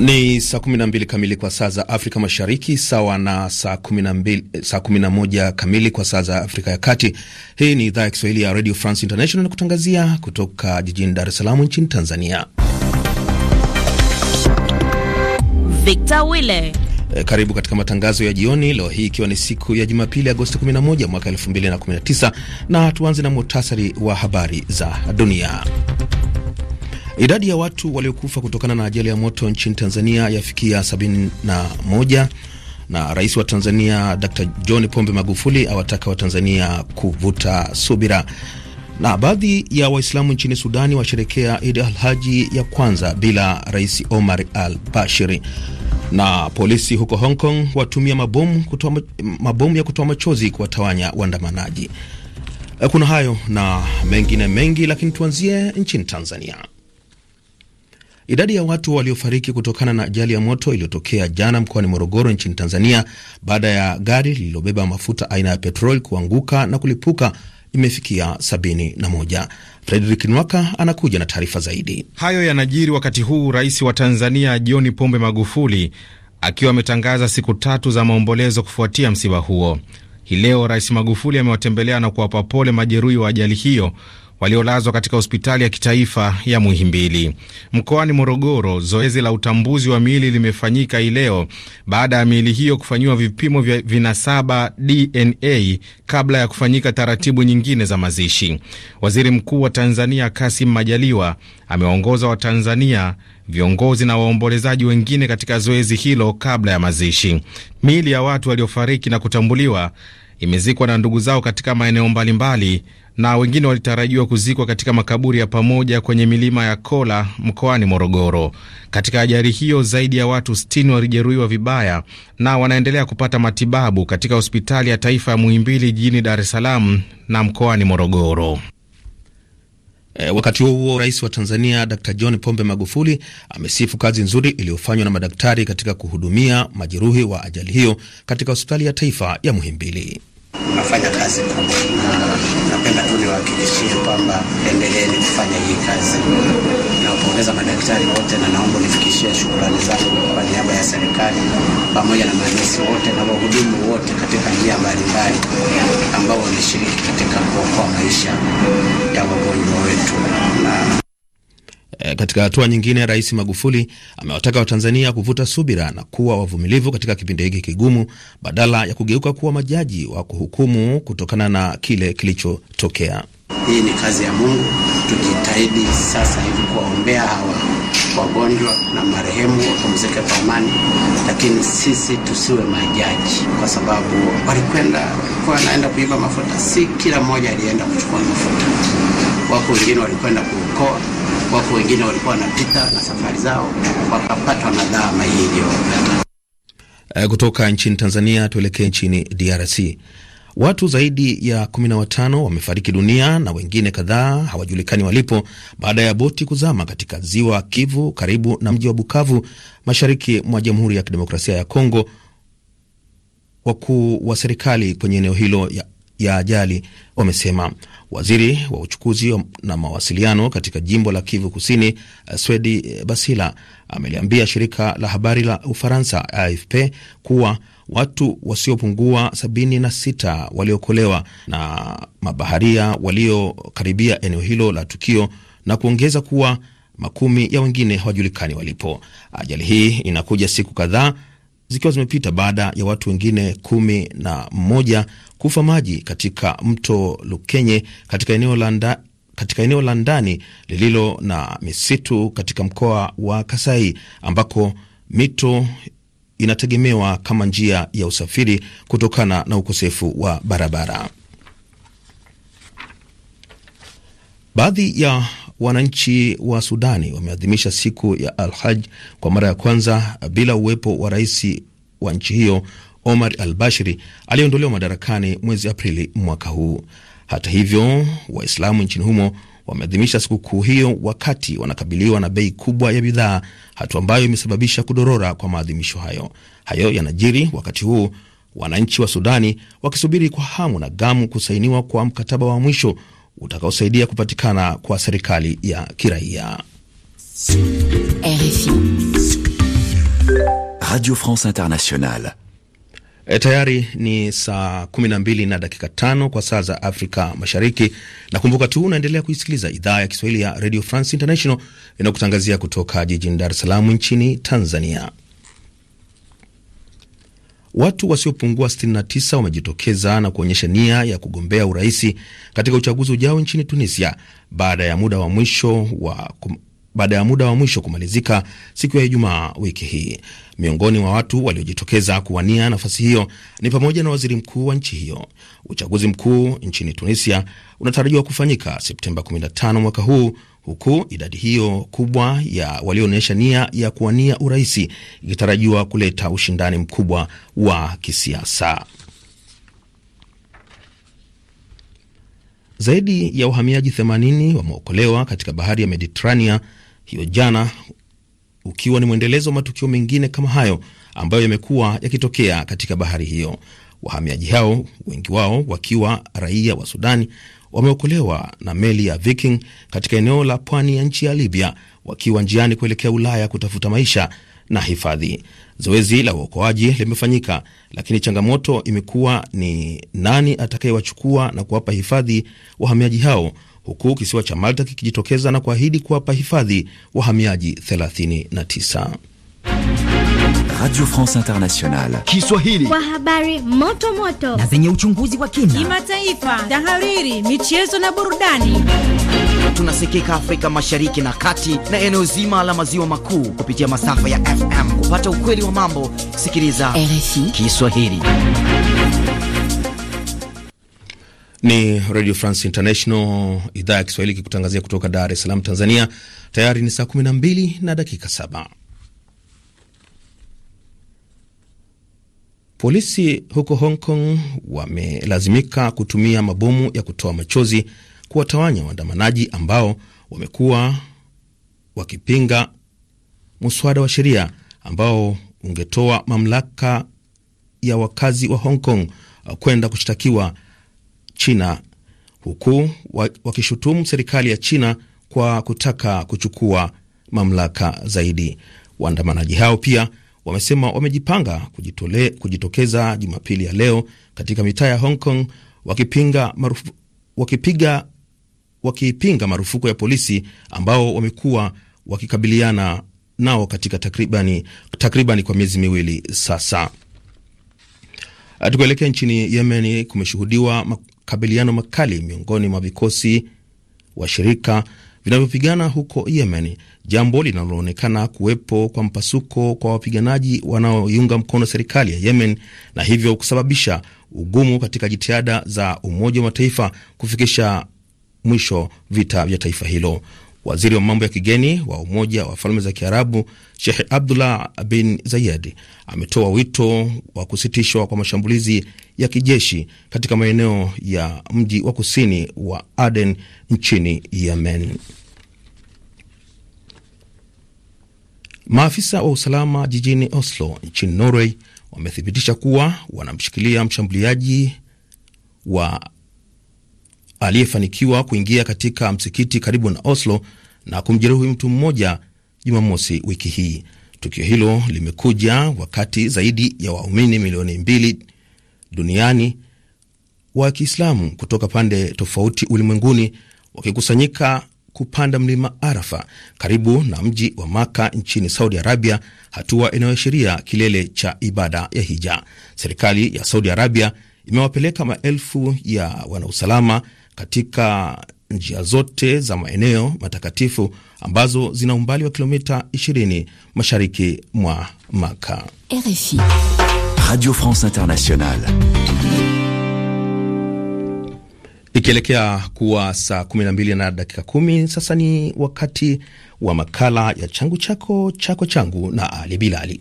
Ni saa 12 kamili kwa saa za Afrika Mashariki, sawa na saa 11 kamili kwa saa za Afrika ya Kati. Hii ni idhaa ya Kiswahili ya Radio France International kutangazia kutoka jijini Dar es Salaam nchini Tanzania. Victor Wille eh, karibu katika matangazo ya jioni leo hii ikiwa ni siku ya Jumapili, Agosti 11 mwaka 2019, na tuanze na muhtasari wa habari za dunia. Idadi ya watu waliokufa kutokana na ajali ya moto nchini Tanzania yafikia 71 na rais wa Tanzania Dr. John Pombe Magufuli awataka Watanzania kuvuta subira. Na baadhi ya Waislamu nchini Sudani washerekea al Alhaji ya kwanza bila Rais Omar Al Bashiri. Na polisi huko Hong Kong watumia mabomu kutoa, mabomu ya kutoa machozi kuwatawanya waandamanaji. Kuna hayo na mengine mengi, lakini tuanzie nchini Tanzania. Idadi ya watu waliofariki kutokana na ajali ya moto iliyotokea jana mkoani Morogoro nchini Tanzania baada ya gari lililobeba mafuta aina ya petroli kuanguka na kulipuka imefikia sabini na moja. Nwaka anakuja na taarifa zaidi. Hayo yanajiri wakati huu rais wa Tanzania John Pombe Magufuli akiwa ametangaza siku tatu za maombolezo kufuatia msiba huo. Hii leo Rais Magufuli amewatembelea na kuwapa pole majeruhi wa ajali hiyo waliolazwa katika hospitali ya kitaifa ya Muhimbili. Mkoani Morogoro, zoezi la utambuzi wa miili limefanyika hii leo baada ya miili hiyo kufanyiwa vipimo vya vinasaba DNA kabla ya kufanyika taratibu nyingine za mazishi. Waziri Mkuu wa Tanzania Kassim Majaliwa amewaongoza Watanzania viongozi na waombolezaji wengine katika zoezi hilo kabla ya mazishi. Miili ya watu waliofariki na kutambuliwa imezikwa na ndugu zao katika maeneo mbalimbali, na wengine walitarajiwa kuzikwa katika makaburi ya pamoja kwenye milima ya Kola mkoani Morogoro. Katika ajali hiyo zaidi ya watu 60 walijeruhiwa vibaya na wanaendelea kupata matibabu katika hospitali ya taifa ya Muhimbili jijini Dar es Salaam na mkoani Morogoro. E, wakati huo huo rais wa Tanzania Dr. John Pombe Magufuli amesifu kazi nzuri iliyofanywa na madaktari katika kuhudumia majeruhi wa ajali hiyo katika hospitali ya taifa ya Muhimbili. Unafanya kazi kubwa, napenda tu niwahakikishie kwamba endeleeni kufanya hii kazi. Nawapongeza madaktari wote na naomba nifikishie shukrani zangu kwa niaba ya serikali pamoja na manesi wote na wahudumu wote katika njia mbalimbali ambao wameshiriki katika kuokoa maisha ya wagonjwa wetu na Eh, katika hatua nyingine, Rais Magufuli amewataka Watanzania kuvuta subira na kuwa wavumilivu katika kipindi hiki kigumu badala ya kugeuka kuwa majaji wa kuhukumu kutokana na kile kilichotokea. Hii ni kazi ya Mungu. Tujitahidi sasa hivi kuwaombea hawa wagonjwa na marehemu wapumzike kwa amani, lakini sisi tusiwe majaji, kwa sababu walikwenda, walikuwa wanaenda kuiba mafuta. Si kila mmoja alienda kuchukua mafuta, wako wengine walikwenda kuokoa wapo wengine walikuwa wanapita na safari zao wakapatwa na dhama hivyo. Eh, kutoka nchini Tanzania tuelekee nchini DRC. Watu zaidi ya kumi na watano wamefariki dunia na wengine kadhaa hawajulikani walipo baada ya boti kuzama katika ziwa Kivu karibu na mji wa Bukavu mashariki mwa Jamhuri ya Kidemokrasia ya Kongo. Wakuu wa serikali kwenye eneo hilo ya ya ajali wamesema. Waziri wa uchukuzi na mawasiliano katika jimbo la Kivu Kusini, Swedi Basila, ameliambia shirika la habari la Ufaransa AFP kuwa watu wasiopungua 76 waliokolewa na mabaharia waliokaribia eneo hilo la tukio na kuongeza kuwa makumi ya wengine hawajulikani walipo. Ajali hii inakuja siku kadhaa zikiwa zimepita baada ya watu wengine kumi na mmoja kufa maji katika mto Lukenye katika eneo la nda katika eneo la ndani lililo na misitu katika mkoa wa Kasai ambako mito inategemewa kama njia ya usafiri kutokana na ukosefu wa barabara. Baadhi ya Wananchi wa Sudani wameadhimisha siku ya Al-Haj kwa mara ya kwanza bila uwepo wa rais wa nchi hiyo Omar al-Bashiri aliyeondolewa madarakani mwezi Aprili mwaka huu. Hata hivyo, Waislamu nchini humo wameadhimisha sikukuu hiyo wakati wanakabiliwa na bei kubwa ya bidhaa, hatua ambayo imesababisha kudorora kwa maadhimisho hayo. Hayo yanajiri wakati huu wananchi wa Sudani wakisubiri kwa hamu na gamu kusainiwa kwa mkataba wa mwisho utakaosaidia kupatikana kwa serikali ya kiraia. Radio France Internationale. E, tayari ni saa 12 na dakika tano kwa saa za Afrika Mashariki, na kumbuka tu unaendelea kuisikiliza idhaa ya Kiswahili ya Radio France International inayokutangazia kutoka jijini Dar es Salaam nchini Tanzania. Watu wasiopungua 69 wamejitokeza na kuonyesha nia ya kugombea uraisi katika uchaguzi ujao nchini Tunisia baada ya muda wa mwisho wa baada ya muda wa mwisho kumalizika siku ya Ijumaa wiki hii. Miongoni mwa watu waliojitokeza kuwania nafasi hiyo ni pamoja na waziri mkuu wa nchi hiyo. Uchaguzi mkuu nchini Tunisia unatarajiwa kufanyika Septemba 15 mwaka huu huku idadi hiyo kubwa ya walioonyesha nia ya kuwania urahisi ikitarajiwa kuleta ushindani mkubwa wa kisiasa. Zaidi ya wahamiaji 80 wameokolewa katika bahari ya Mediterania hiyo jana, ukiwa ni mwendelezo wa matukio mengine kama hayo ambayo yamekuwa yakitokea katika bahari hiyo. Wahamiaji hao wengi wao wakiwa raia wa Sudani wameokolewa na meli ya Viking katika eneo la pwani ya nchi ya Libya wakiwa njiani kuelekea Ulaya kutafuta maisha na hifadhi. Zoezi la uokoaji limefanyika, lakini changamoto imekuwa ni nani atakayewachukua na kuwapa hifadhi wahamiaji hao, huku kisiwa cha Malta kikijitokeza na kuahidi kuwapa hifadhi wahamiaji 39. Radio France Internationale Kiswahili kwa habari moto moto na zenye uchunguzi wa kina, kimataifa, tahariri, michezo na burudani. Tunasikika Afrika Mashariki na Kati na eneo zima la maziwa makuu kupitia masafa ya FM. Kupata ukweli wa mambo, sikiliza RFI Kiswahili. Ni Radio France International idhaa ya Kiswahili kikutangazia kutoka Dar es Salaam, Tanzania. Tayari ni saa 12 na dakika saba. Polisi huko Hong Kong wamelazimika kutumia mabomu ya kutoa machozi kuwatawanya waandamanaji ambao wamekuwa wakipinga muswada wa sheria ambao ungetoa mamlaka ya wakazi wa Hong Kong uh, kwenda kushtakiwa China, huku wakishutumu serikali ya China kwa kutaka kuchukua mamlaka zaidi. Waandamanaji hao pia wamesema wamejipanga kujitole, kujitokeza Jumapili ya leo katika mitaa ya Hong Kong wakipinga marufu, wakipiga, wakipinga marufuku ya polisi ambao wamekuwa wakikabiliana nao katika takribani, takribani kwa miezi miwili sasa. Tukuelekea nchini Yemen, kumeshuhudiwa makabiliano makali miongoni mwa vikosi washirika vinavyopigana huko Yemen, jambo linaloonekana kuwepo kwa mpasuko kwa wapiganaji wanaoiunga mkono serikali ya Yemen na hivyo kusababisha ugumu katika jitihada za Umoja wa Mataifa kufikisha mwisho vita vya taifa hilo. Waziri wa mambo ya kigeni wa Umoja wa Falme za Kiarabu shekh Abdullah bin Zayed ametoa wito wa kusitishwa kwa mashambulizi ya kijeshi katika maeneo ya mji wa kusini wa Aden nchini Yemen. Maafisa wa usalama jijini Oslo nchini Norway wamethibitisha kuwa wanamshikilia mshambuliaji wa aliyefanikiwa kuingia katika msikiti karibu na Oslo na kumjeruhi mtu mmoja Jumamosi wiki hii. Tukio hilo limekuja wakati zaidi ya waumini milioni mbili duniani wa Kiislamu kutoka pande tofauti ulimwenguni wakikusanyika kupanda mlima Arafa karibu na mji wa Maka nchini Saudi Arabia, hatua inayoashiria kilele cha ibada ya hija. Serikali ya Saudi Arabia imewapeleka maelfu ya wanausalama katika njia zote za maeneo matakatifu ambazo zina umbali wa kilomita 20 mashariki mwa Maka. RFI Radio France Internationale ikielekea kuwa saa mbili na dakika kumi. Sasa ni wakati wa makala ya changu chako chako changu na Ali Bilali.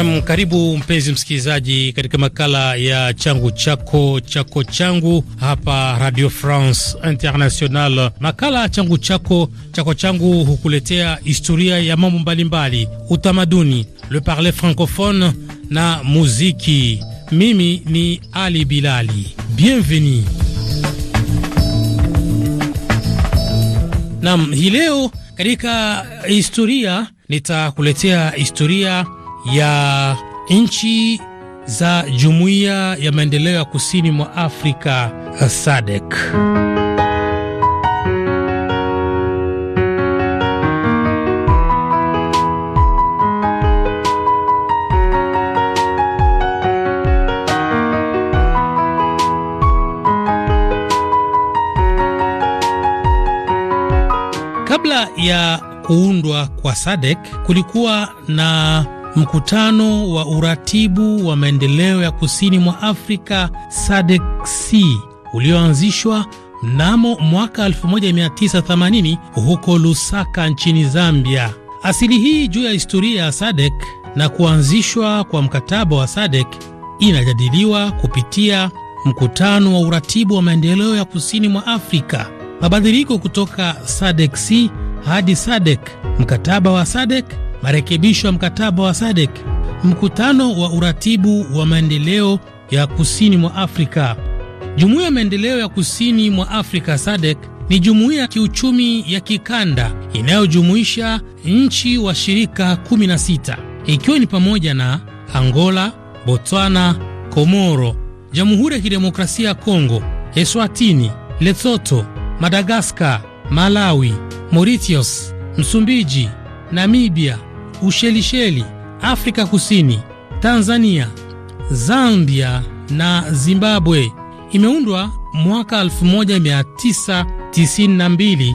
Nam, karibu mpenzi msikilizaji, katika makala ya changu chako chako changu hapa Radio France International. Makala changu chako chako changu hukuletea historia ya mambo mbalimbali, utamaduni, le parler francophone na muziki. Mimi ni Ali Bilali, bienvenue. Nam, hii leo katika historia nitakuletea historia ya nchi za Jumuiya ya Maendeleo ya Kusini mwa Afrika SADC. Kabla ya kuundwa kwa SADC kulikuwa na mkutano wa uratibu wa maendeleo ya kusini mwa Afrika SADC ulioanzishwa mnamo mwaka 1980 huko Lusaka nchini Zambia. Asili hii juu ya historia ya SADC na kuanzishwa kwa mkataba wa SADC inajadiliwa kupitia mkutano wa uratibu wa maendeleo ya kusini mwa Afrika. Mabadiliko kutoka SADC hadi SADC, mkataba wa SADC marekebisho ya mkataba wa SADC, mkutano wa uratibu wa maendeleo ya kusini mwa Afrika. Jumuiya ya maendeleo ya kusini mwa Afrika SADC ni jumuiya ya kiuchumi ya kikanda inayojumuisha nchi washirika 16 ikiwa ni pamoja na Angola, Botswana, Komoro, Jamhuri ya Kidemokrasia ya Kongo, Eswatini, Lesotho, Madagaskar, Malawi, Mauritius, Msumbiji, Namibia, Ushelisheli, Afrika Kusini, Tanzania, Zambia na Zimbabwe. Imeundwa mwaka 1992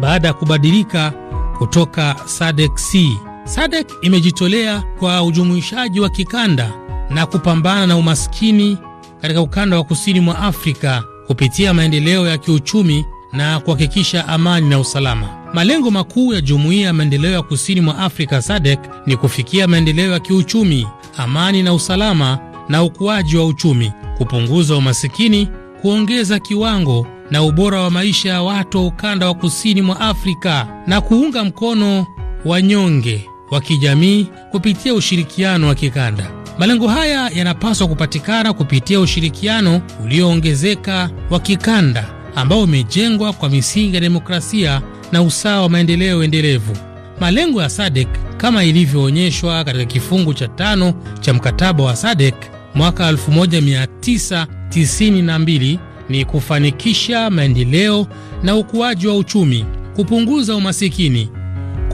baada ya kubadilika kutoka SADC. SADC imejitolea kwa ujumuishaji wa kikanda na kupambana na umaskini katika ukanda wa kusini mwa Afrika kupitia maendeleo ya kiuchumi na kuhakikisha amani na usalama. Malengo makuu ya Jumuiya ya Maendeleo ya Kusini mwa Afrika SADC ni kufikia maendeleo ya kiuchumi, amani na usalama na ukuaji wa uchumi, kupunguza umasikini, kuongeza kiwango na ubora wa maisha ya watu wa ukanda wa kusini mwa Afrika na kuunga mkono wanyonge wa kijamii kupitia ushirikiano wa kikanda. Malengo haya yanapaswa kupatikana kupitia ushirikiano ulioongezeka wa kikanda ambao umejengwa kwa misingi ya demokrasia na usawa wa maendeleo endelevu. Malengo ya SADC kama ilivyoonyeshwa katika kifungu cha tano cha mkataba wa SADC mwaka 1992 ni kufanikisha maendeleo na ukuaji wa uchumi, kupunguza umasikini,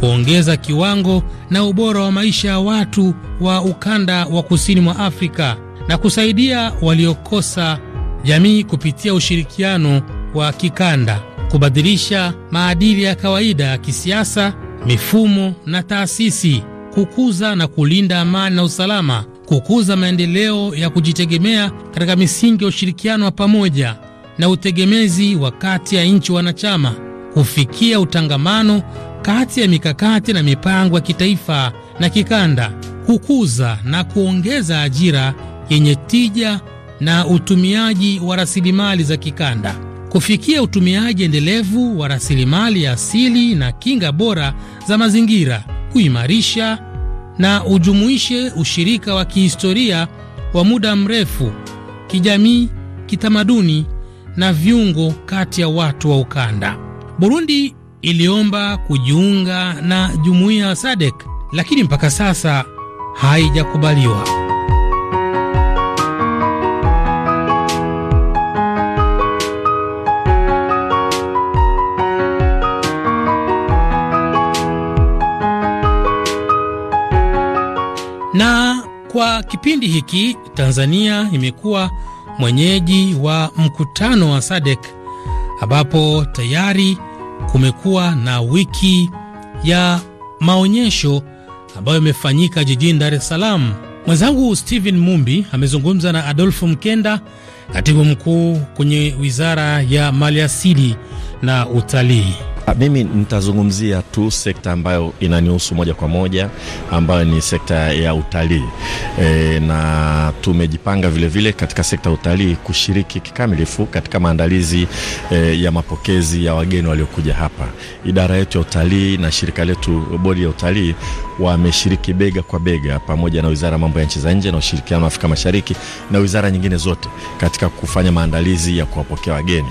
kuongeza kiwango na ubora wa maisha ya watu wa ukanda wa kusini mwa Afrika na kusaidia waliokosa jamii kupitia ushirikiano wa kikanda kubadilisha maadili ya kawaida ya kisiasa, mifumo na taasisi, kukuza na kulinda amani na usalama, kukuza maendeleo ya kujitegemea katika misingi ya ushirikiano wa pamoja na utegemezi wa kati ya nchi wanachama, kufikia utangamano kati ya mikakati na mipango ya kitaifa na kikanda, kukuza na kuongeza ajira yenye tija na utumiaji wa rasilimali za kikanda kufikia utumiaji endelevu wa rasilimali asili na kinga bora za mazingira, kuimarisha na ujumuishe ushirika wa kihistoria wa muda mrefu, kijamii, kitamaduni na viungo kati ya watu wa ukanda. Burundi iliomba kujiunga na jumuiya ya SADC lakini mpaka sasa haijakubaliwa. Kwa kipindi hiki Tanzania imekuwa mwenyeji wa mkutano wa SADC ambapo tayari kumekuwa na wiki ya maonyesho ambayo imefanyika jijini Dar es Salaam. Mwenzangu Stephen Mumbi amezungumza na Adolfo Mkenda, katibu mkuu kwenye wizara ya maliasili na utalii. Ah, mimi nitazungumzia tu sekta ambayo inanihusu moja kwa moja, ambayo ni sekta ya utalii e, na tumejipanga vilevile vile katika sekta ya utalii kushiriki kikamilifu katika maandalizi e, ya mapokezi ya wageni waliokuja hapa. Idara yetu ya utalii na shirika letu, bodi ya utalii, wameshiriki bega kwa bega pamoja na wizara ya mambo ya nchi za nje na ushirikiano wa Afrika Mashariki na wizara nyingine zote katika kufanya maandalizi ya kuwapokea wageni,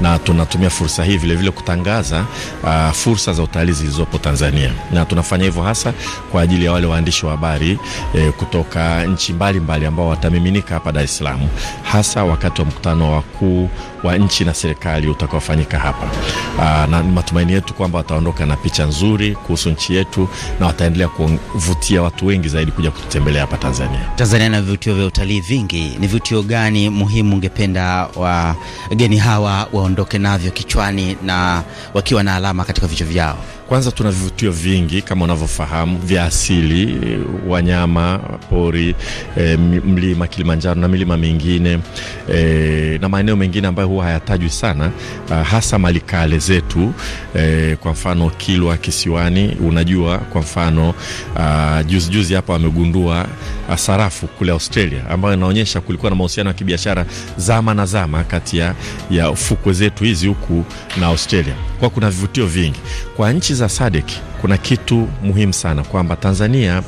na tunatumia fursa hii vilevile vile kutangaza uh, fursa za utalii zilizopo Tanzania, na tunafanya hivyo hasa kwa ajili ya wale waandishi wa habari eh, kutoka nchi mbalimbali ambao watamiminika hapa Dar es Salaam hasa wakati wa mkutano wa wakuu wa nchi na serikali utakaofanyika hapa. Aa, ah, na matumaini yetu kwamba wataondoka na picha nzuri kuhusu nchi yetu na wataendelea kuvutia watu wengi zaidi kuja kututembelea hapa Tanzania. Tanzania na vivutio vya utalii vingi. Ni vivutio gani muhimu ungependa wageni hawa waondoke navyo kichwani na wakiwa na alama katika vichwa vyao? Kwanza tuna vivutio vingi kama unavyofahamu vya asili, wanyama pori, e, mlima Kilimanjaro na milima mingine e, na maeneo mengine ambayo huwa hayatajwi sana a, ah, hasa malikale zetu e, kwa mfano Kilwa Kisiwani, unajua kwa mfano ah, juzi juzi hapa wamegundua ah, sarafu kule Australia ambayo inaonyesha kulikuwa na mahusiano ya kibiashara zama na zama kati ya fukwe zetu hizi huku na Australia. Kwa kuna vivutio vingi kwa nchi za sadek kuna kitu muhimu sana kwamba Tanzania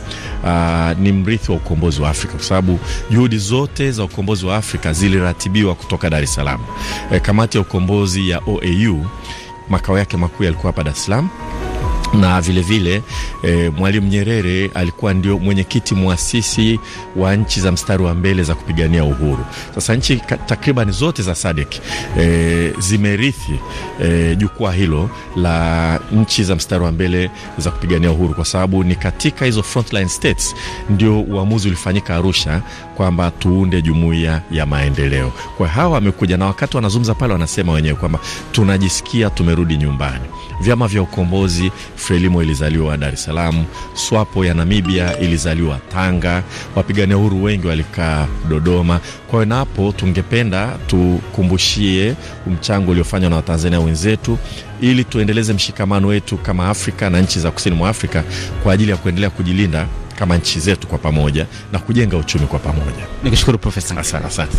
uh, ni mrithi wa ukombozi wa Afrika kwa sababu juhudi zote za ukombozi wa Afrika ziliratibiwa kutoka Dar es Salaam. E, kamati ya ukombozi ya OAU makao yake makuu yalikuwa hapa Dar es Salaam na vile vile, e, Mwalimu Nyerere alikuwa ndio mwenyekiti mwasisi wa nchi za mstari wa mbele za kupigania uhuru. Sasa nchi takriban zote za SADC e, zimerithi e, jukwaa hilo la nchi za mstari wa mbele za kupigania uhuru, kwa sababu ni katika hizo frontline states ndio uamuzi ulifanyika Arusha kwamba tuunde jumuiya ya maendeleo. Kwa hawa wamekuja na wakati wanazungumza pale wanasema wenyewe kwamba tunajisikia tumerudi nyumbani, vyama vya ukombozi Frelimo ilizaliwa Dar es Salaam, SWAPO ya Namibia ilizaliwa Tanga, wapigania uhuru wengi walikaa Dodoma. Kwa hiyo, napo tungependa tukumbushie mchango uliofanywa na Watanzania wenzetu ili tuendeleze mshikamano wetu kama Afrika na nchi za kusini mwa Afrika kwa ajili ya kuendelea kujilinda kama nchi zetu kwa pamoja na kujenga uchumi kwa pamoja. Nikushukuru Profesa. Asante asante.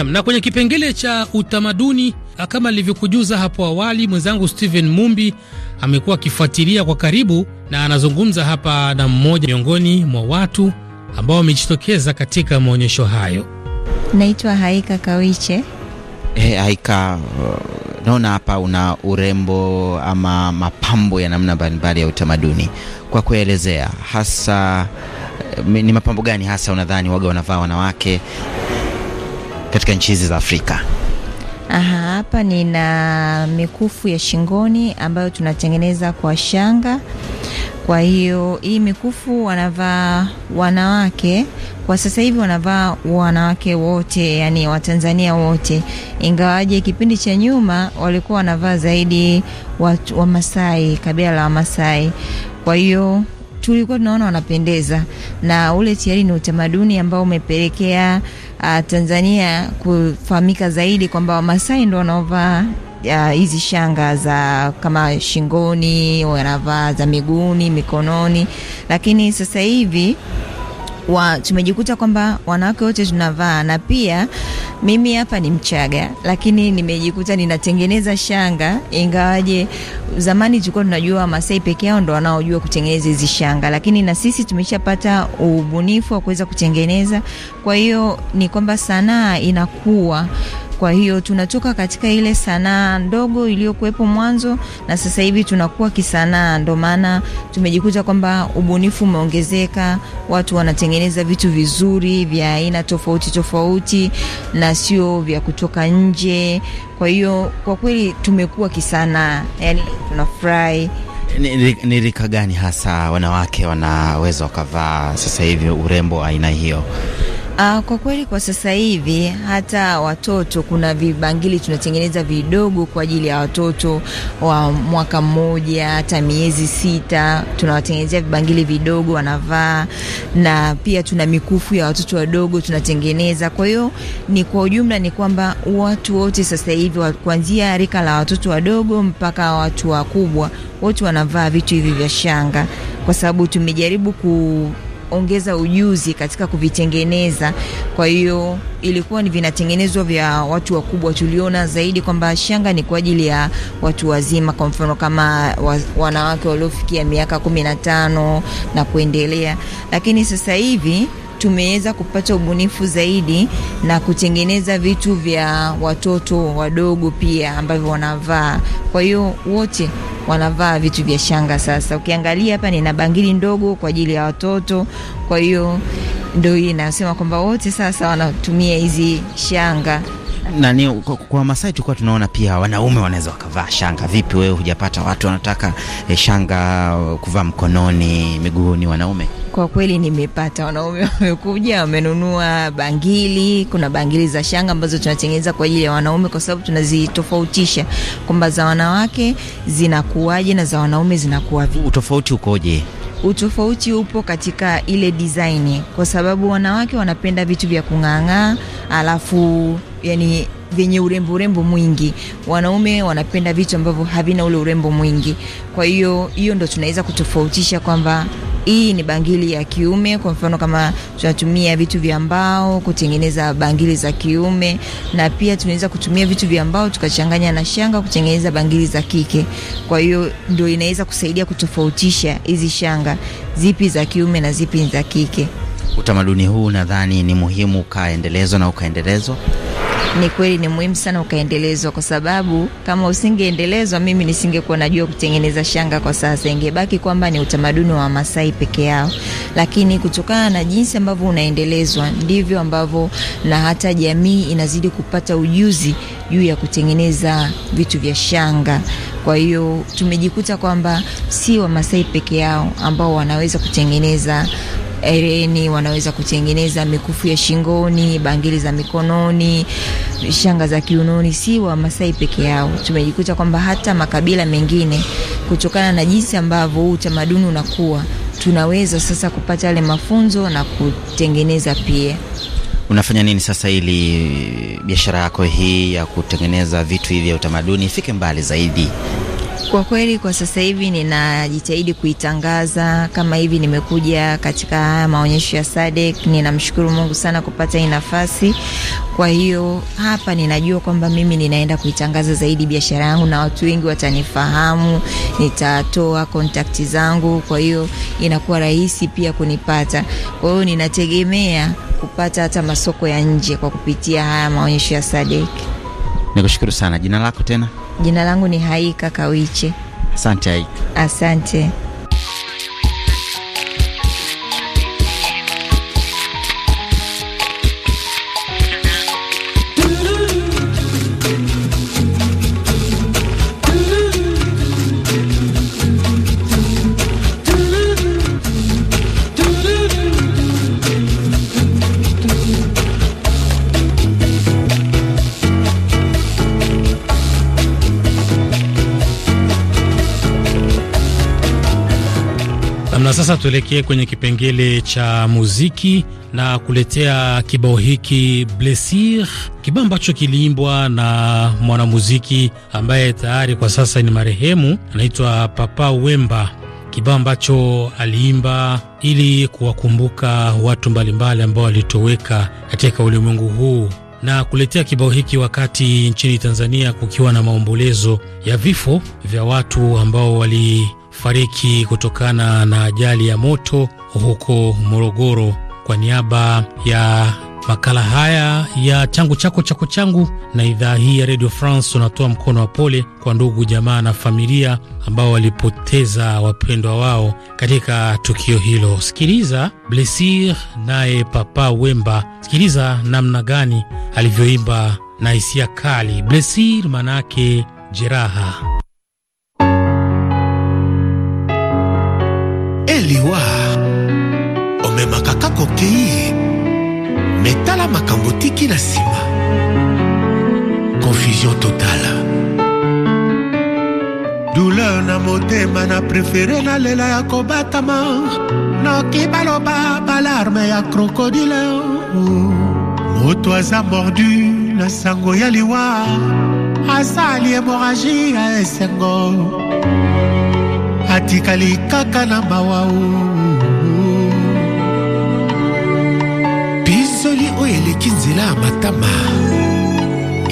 Nam, na kwenye kipengele cha utamaduni, ah, kama nilivyokujuza hapo awali, mwenzangu Steven Mumbi amekuwa akifuatilia kwa karibu na anazungumza hapa na mmoja miongoni mwa watu ambao wamejitokeza katika maonyesho hayo. Naitwa Haika Kawiche. Hey, eh, Haika, uh, naona hapa una urembo ama mapambo ya namna mbalimbali ya utamaduni. Kwa kuelezea hasa eh, ni mapambo gani hasa unadhani waga wanavaa wanawake katika nchi hizi za Afrika. Aha, hapa nina mikufu ya shingoni ambayo tunatengeneza kwa shanga. Kwa hiyo hii mikufu wanavaa wanawake kwa sasa hivi, wanavaa wanawake wote, yani Watanzania wote, ingawaje kipindi cha nyuma walikuwa wanavaa zaidi Wamasai, kabila la Wamasai. Kwa hiyo tulikuwa tunaona wanapendeza, na ule tayari ni utamaduni ambao umepelekea uh, Tanzania kufahamika zaidi kwamba Wamasai ndo wanaovaa uh, hizi uh, shanga za kama shingoni, wanavaa za miguuni, mikononi, lakini sasa hivi wa, tumejikuta kwamba wanawake wote tunavaa, na pia mimi hapa ni Mchaga, lakini nimejikuta ninatengeneza shanga, ingawaje zamani tulikuwa tunajua Masai peke yao ndo wanaojua kutengeneza hizi shanga, lakini na sisi tumeshapata ubunifu wa kuweza kutengeneza. Kwa hiyo ni kwamba sanaa inakuwa kwa hiyo tunatoka katika ile sanaa ndogo iliyokuwepo mwanzo na sasa hivi tunakuwa kisanaa, ndo maana tumejikuta kwamba ubunifu umeongezeka, watu wanatengeneza vitu vizuri vya aina tofauti tofauti na sio vya kutoka nje. Kwa hiyo kwa kweli tumekuwa kisanaa, yani tunafurahi. Ni, ni rika gani hasa wanawake wanaweza wakavaa sasa hivi urembo aina hiyo? Uh, kwa kweli kwa sasa hivi hata watoto kuna vibangili tunatengeneza vidogo kwa ajili ya watoto wa mwaka mmoja hata miezi sita, tunawatengenezea vibangili vidogo wanavaa, na pia tuna mikufu ya watoto wadogo tunatengeneza. Kwa hiyo ni kwa ujumla ni kwamba watu wote sasa hivi kuanzia rika la watoto wadogo mpaka watu wakubwa wote wanavaa vitu hivi vya shanga, kwa sababu tumejaribu ku ongeza ujuzi katika kuvitengeneza. Kwa hiyo ilikuwa ni vinatengenezwa vya watu wakubwa. Tuliona zaidi kwamba shanga ni kwa ajili ya watu wazima, kwa mfano kama wa, wanawake waliofikia miaka kumi na tano na kuendelea, lakini sasa hivi tumeweza kupata ubunifu zaidi na kutengeneza vitu vya watoto wadogo pia ambavyo wanavaa. Kwa hiyo wote wanavaa vitu vya shanga. Sasa ukiangalia hapa, nina bangili ndogo kwa ajili ya watoto, kwa hiyo ndio hii inasema kwamba wote sasa wanatumia hizi shanga nani kwa, Masai tulikuwa tunaona pia wanaume wanaweza wakavaa shanga. Vipi wewe hujapata watu wanataka eh, shanga kuvaa mkononi, miguuni wanaume? Kwa kweli nimepata wanaume wamekuja wamenunua bangili. Kuna bangili za shanga ambazo tunatengeneza kwa ajili ya wanaume, kwa sababu tunazitofautisha kwamba za wanawake zinakuwaje na za wanaume zinakuwa vipi. Utofauti ukoje? Utofauti upo katika ile design, kwa sababu wanawake wanapenda vitu vya kung'ang'aa alafu yani vyenye urembo urembo mwingi. Wanaume wanapenda vitu ambavyo havina ule urembo mwingi. Kwa hiyo hiyo ndo tunaweza kutofautisha kwamba hii ni bangili ya kiume. Kwa mfano kama tunatumia vitu vya mbao kutengeneza bangili za kiume, na pia tunaweza kutumia vitu vya mbao tukachanganya na shanga kutengeneza bangili za kike. Kwa hiyo ndio inaweza kusaidia kutofautisha hizi shanga zipi za kiume na zipi za kike. Utamaduni huu nadhani ni muhimu ukaendelezwa na ukaendelezwa ni kweli ni muhimu sana ukaendelezwa, kwa sababu kama usingeendelezwa, mimi nisingekuwa najua kutengeneza shanga kwa sasa, ingebaki kwamba ni utamaduni wa Masai peke yao. Lakini kutokana na jinsi ambavyo unaendelezwa, ndivyo ambavyo na hata jamii inazidi kupata ujuzi juu ya kutengeneza vitu vya shanga. Kwa hiyo tumejikuta kwamba si Wamasai peke yao ambao wanaweza kutengeneza hereni, wanaweza kutengeneza mikufu ya shingoni, bangili za mikononi, shanga za kiunoni. Si Wamasai peke yao, tumejikuta kwamba hata makabila mengine, kutokana na jinsi ambavyo huu utamaduni unakuwa, tunaweza sasa kupata yale mafunzo na kutengeneza pia. Unafanya nini sasa ili biashara yako hii ya kutengeneza vitu hivi vya utamaduni ifike mbali zaidi? Kwa kweli kwa sasa hivi ninajitahidi kuitangaza kama hivi, nimekuja katika haya maonyesho ya Sadek. Ninamshukuru Mungu sana kupata hii nafasi. Kwa hiyo hapa ninajua kwamba mimi ninaenda kuitangaza zaidi biashara yangu na watu wengi watanifahamu, nitatoa kontakti zangu, kwa hiyo inakuwa rahisi pia kunipata. Kwa hiyo ninategemea kupata hata masoko ya nje kwa kupitia haya maonyesho ya Sadek. Nikushukuru sana. Jina lako tena? Jina langu ni Haika Kawiche. Asante Haika. Asante. sasa tuelekee kwenye kipengele cha muziki na kuletea kibao hiki Blessir, kibao ambacho kiliimbwa na mwanamuziki ambaye tayari kwa sasa ni marehemu, anaitwa Papa Wemba, kibao ambacho aliimba ili kuwakumbuka watu mbalimbali ambao walitoweka katika ulimwengu huu na kuletea kibao hiki wakati nchini Tanzania kukiwa na maombolezo ya vifo vya watu ambao wali kufariki kutokana na ajali ya moto huko Morogoro. Kwa niaba ya makala haya ya changu chako chako changu na idhaa hii ya Radio France, unatoa mkono wa pole kwa ndugu jamaa na familia ambao walipoteza wapendwa wao katika tukio hilo. Sikiliza Blessir naye Papa Wemba, sikiliza namna gani alivyoimba na hisia kali. Blessir maanake jeraha liwa omemaka kaka okei me la makambo tiki na nsima confusion totale douleur na motema na prefere lela ya kobatama noki baloba balarme ya crocodile moto aza mordu na sango ya liwa asali hemoragie ya esengo atikali kaka na mawa pinzoli oyo eleki nzela ya matama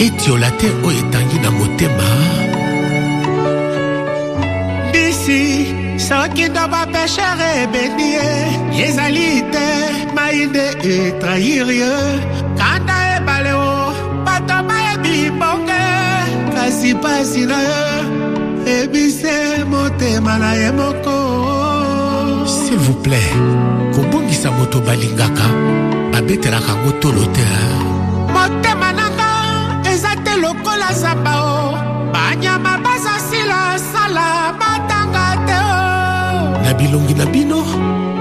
etiola te oyo etangi na motema bisi soki ndo bapeshere ebeni ye ezali te mai nde etrahiri ye kanda ebale o bato bayebi bonge kasi pasi na ye ebise motema na ye moko s'il vous plaît kobongisa moto balingaka babetelaka ngo tolo te motema na nga eza te lokola zamba o banyama baza sila sala matanga te o na bilongi na bino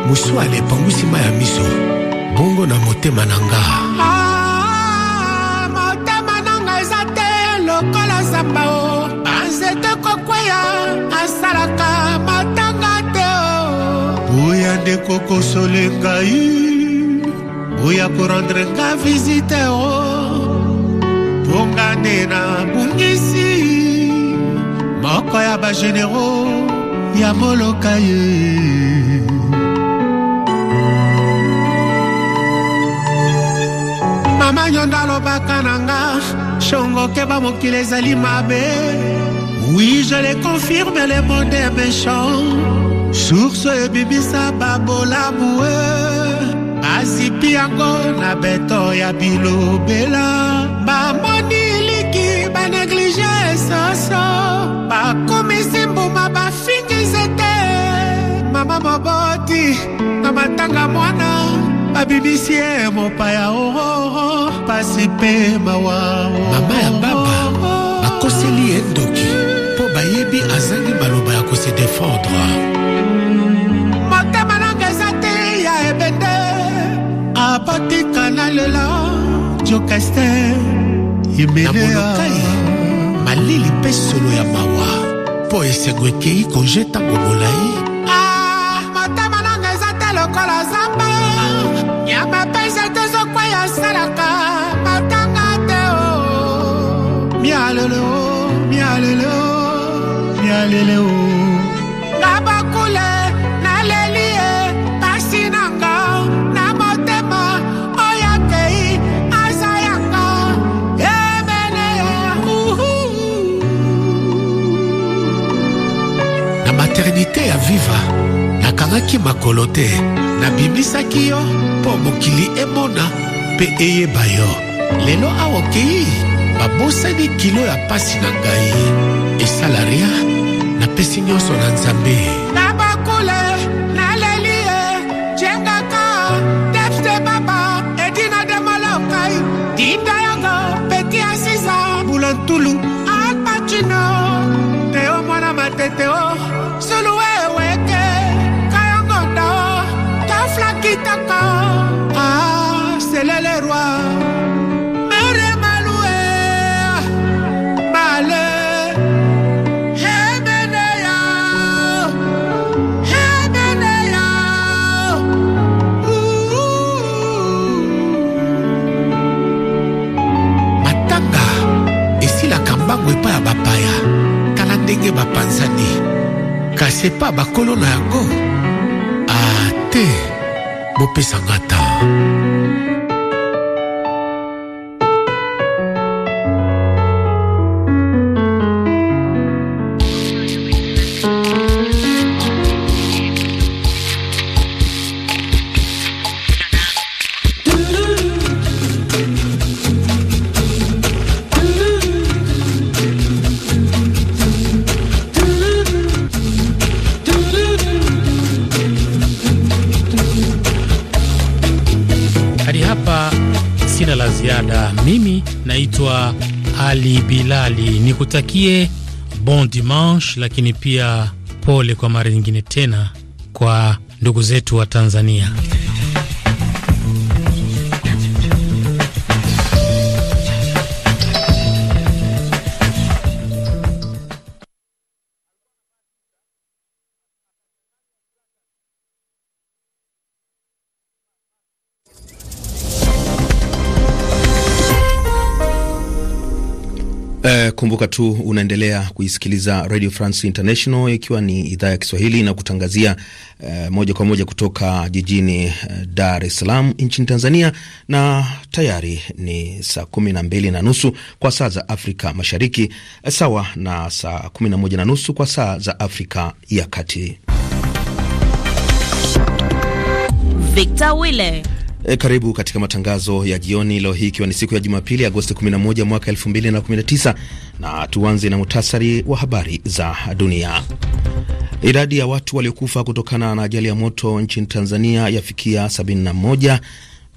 mosuala epangwisi ma ya miso bongo na motema na nga ah, motema na nga eza te lokola zamba nzete kokweya asalaka matanga te o oh. oya ndeko kosole ngai oya korendre nga visite o oh. mponga nde na bungisi moko ya bagenero ya moloka ye mama nyondo alobaka na nga shongoke bamokili ezali mabe Oui, je les confirme, les mots des méchants. Source bibisa babola la boue. encore na beto ya bilobela. ni liki ba sa soso. Ba komisi ma ba fingi zete. Mama moboti na matanga mwana. babibisi ye mopaya oo oh, oh, oh. pasi wa. wa mama ya baba akoseli ye ndoki oyebi azangi baloba ya kose defendre motema nange eza te ya ebende abatika na lela jokester imeleakai malili mpe solo ya mawa mpo esengo ekei kojeta molai natiaki makolo te nabimisaki yo mpo mokili emona mpe eyeba yo lelo awa okei babosani kilo ya pasi na ngai esala ria napesi nyonso na nzambe kitaka ah, selele roi mere malue male hemeneya hemeneya matanga esilaka mbango epai ya bapaya tala ndenge bapanzani kasi epa bakolo na yango ate ah, bopesanga ta Bilali, ni kutakie bon dimanche, lakini pia pole kwa mara nyingine tena kwa ndugu zetu wa Tanzania. kumbuka tu unaendelea kuisikiliza Radio France International ikiwa ni idhaa ya Kiswahili na kutangazia eh, moja kwa moja kutoka jijini uh, Dar es Salaam nchini Tanzania, na tayari ni saa kumi na mbili na nusu kwa saa za Afrika Mashariki, eh, sawa na saa kumi na moja na nusu kwa saa za Afrika ya Kati. Victor wille E, karibu katika matangazo ya jioni leo hii ikiwa ni siku ya Jumapili Agosti 11 mwaka 2019 na tuanze na muhtasari wa habari za dunia. Idadi ya watu waliokufa kutokana na ajali ya moto nchini Tanzania yafikia 71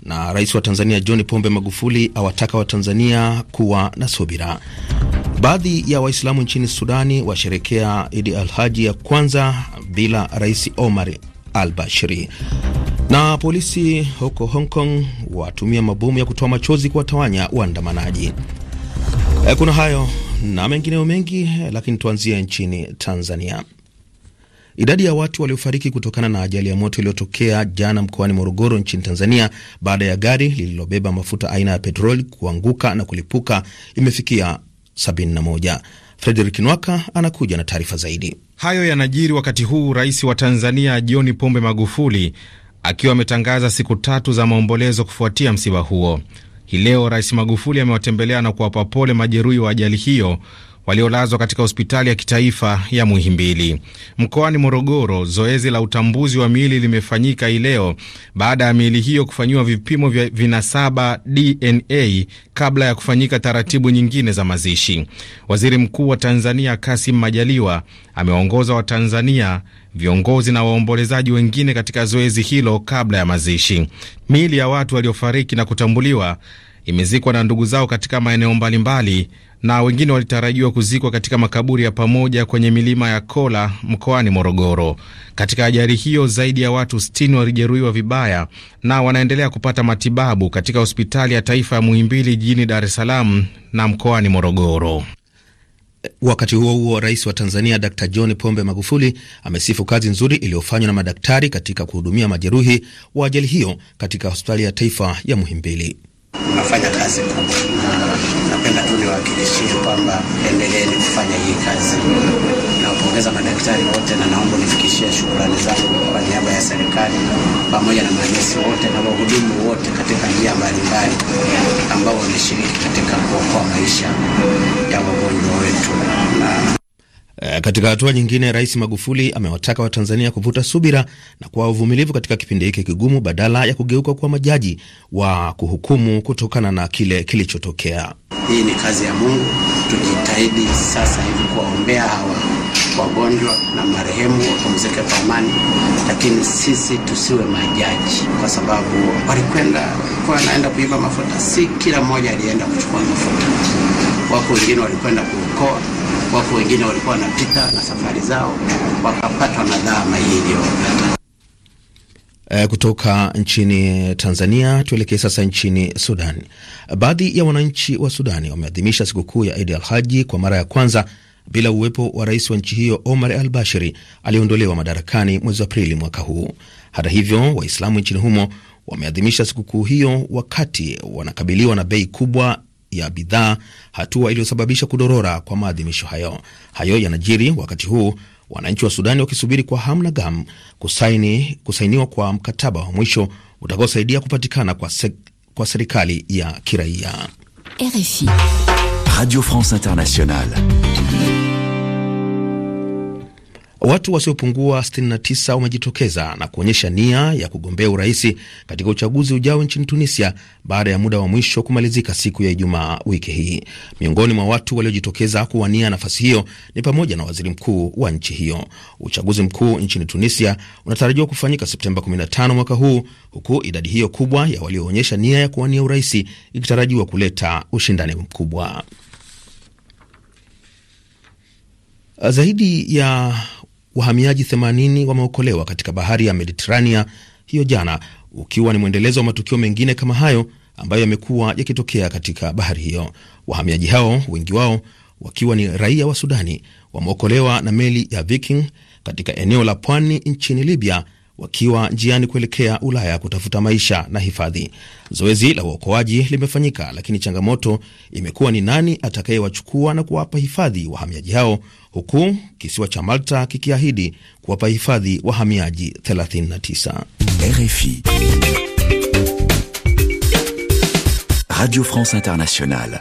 na rais wa Tanzania John Pombe Magufuli awataka Watanzania kuwa na subira. Baadhi ya Waislamu nchini Sudani washerekea Idi Alhaji ya kwanza bila Rais Omar al Bashiri. Na polisi huko Hong Kong watumia mabomu ya kutoa machozi kuwatawanya waandamanaji. Eh, kuna hayo na mengineo mengi, eh, lakini tuanzie nchini Tanzania. Idadi ya watu waliofariki kutokana na ajali ya moto iliyotokea jana mkoani Morogoro nchini Tanzania baada ya gari lililobeba mafuta aina ya petroli kuanguka na kulipuka imefikia 71. Frederick Nwaka anakuja na taarifa zaidi. Hayo yanajiri wakati huu rais wa Tanzania John Pombe Magufuli akiwa ametangaza siku tatu za maombolezo kufuatia msiba huo. Hii leo Rais Magufuli amewatembelea na kuwapa pole majeruhi wa ajali hiyo waliolazwa katika hospitali ya kitaifa ya Muhimbili. Mkoani Morogoro, zoezi la utambuzi wa miili limefanyika hii leo baada ya miili hiyo kufanyiwa vipimo vya vinasaba DNA kabla ya kufanyika taratibu nyingine za mazishi. Waziri Mkuu wa Tanzania Kasim Majaliwa amewaongoza Watanzania viongozi na waombolezaji wengine katika zoezi hilo kabla ya mazishi. Miili ya watu waliofariki na kutambuliwa imezikwa na ndugu zao katika maeneo mbalimbali na wengine walitarajiwa kuzikwa katika makaburi ya pamoja kwenye milima ya Kola mkoani Morogoro. Katika ajali hiyo zaidi ya watu 60 walijeruhiwa vibaya na wanaendelea kupata matibabu katika hospitali ya taifa ya Muhimbili jijini Dar es Salaam na mkoani Morogoro. Wakati huo huo, rais wa Tanzania Dkt John Pombe Magufuli amesifu kazi nzuri iliyofanywa na madaktari katika kuhudumia majeruhi wa ajali hiyo katika hospitali ya taifa ya Muhimbili. Unafanya kazi kubwa, napenda tu niwahakikishie kwamba endeleeni kufanya hii kazi nawapongeza madaktari wote na naomba nifikishie shukrani zangu kwa niaba ya serikali pamoja na manesi wote na wahudumu wote katika njia mbalimbali ambao wameshiriki katika kuokoa maisha ya wagonjwa wetu na eh, katika hatua nyingine, Rais Magufuli amewataka Watanzania kuvuta subira na kuwa uvumilivu katika kipindi hiki kigumu badala ya kugeuka kuwa majaji wa kuhukumu kutokana na kile kilichotokea. Hii ni kazi ya Mungu, tujitahidi sasa hivi kuwaombea hawa wagonjwa na marehemu wapumzike kwa amani, lakini sisi tusiwe majaji, kwa sababu walikwenda kwa wanaenda kuiba mafuta. Si kila mmoja alienda kuchukua mafuta, wako wengine walikwenda kuokoa, wako wengine walikuwa wanapita na safari zao wakapatwa na dhama iliyopata. Eh, kutoka nchini Tanzania tuelekee sasa nchini Sudani. Baadhi ya wananchi wa Sudani wameadhimisha sikukuu ya Idi al Haji kwa mara ya kwanza bila uwepo wa rais wa nchi hiyo Omar al Bashiri aliyeondolewa madarakani mwezi Aprili mwaka huu. Hata hivyo, Waislamu nchini humo wameadhimisha sikukuu hiyo wakati wanakabiliwa na bei kubwa ya bidhaa, hatua iliyosababisha kudorora kwa maadhimisho hayo. Hayo yanajiri wakati huu wananchi wa Sudani wakisubiri kwa hamu na kusaini, kusainiwa kwa mkataba wa mwisho utakaosaidia kupatikana kwa, se, kwa serikali ya kiraia. RFI Radio France Internationale Watu wasiopungua 69 wamejitokeza na kuonyesha nia ya kugombea urahisi katika uchaguzi ujao nchini Tunisia baada ya muda wa mwisho kumalizika siku ya Ijumaa wiki hii. Miongoni mwa watu waliojitokeza kuwania nafasi hiyo ni pamoja na waziri mkuu wa nchi hiyo. Uchaguzi mkuu nchini Tunisia unatarajiwa kufanyika Septemba 15 mwaka huu, huku idadi hiyo kubwa ya walioonyesha nia ya kuwania urahisi ikitarajiwa kuleta ushindani mkubwa zaidi ya wahamiaji 80 wameokolewa katika bahari ya Mediterania hiyo jana, ukiwa ni mwendelezo wa matukio mengine kama hayo ambayo yamekuwa yakitokea katika bahari hiyo. Wahamiaji hao wengi wao wakiwa ni raia wa Sudani wameokolewa na meli ya Viking katika eneo la pwani nchini Libya wakiwa njiani kuelekea Ulaya kutafuta maisha na hifadhi. Zoezi la uokoaji limefanyika, lakini changamoto imekuwa ni nani atakayewachukua na kuwapa hifadhi wahamiaji hao, huku kisiwa cha Malta kikiahidi kuwapa hifadhi wahamiaji 39. RFI Radio France Internationale.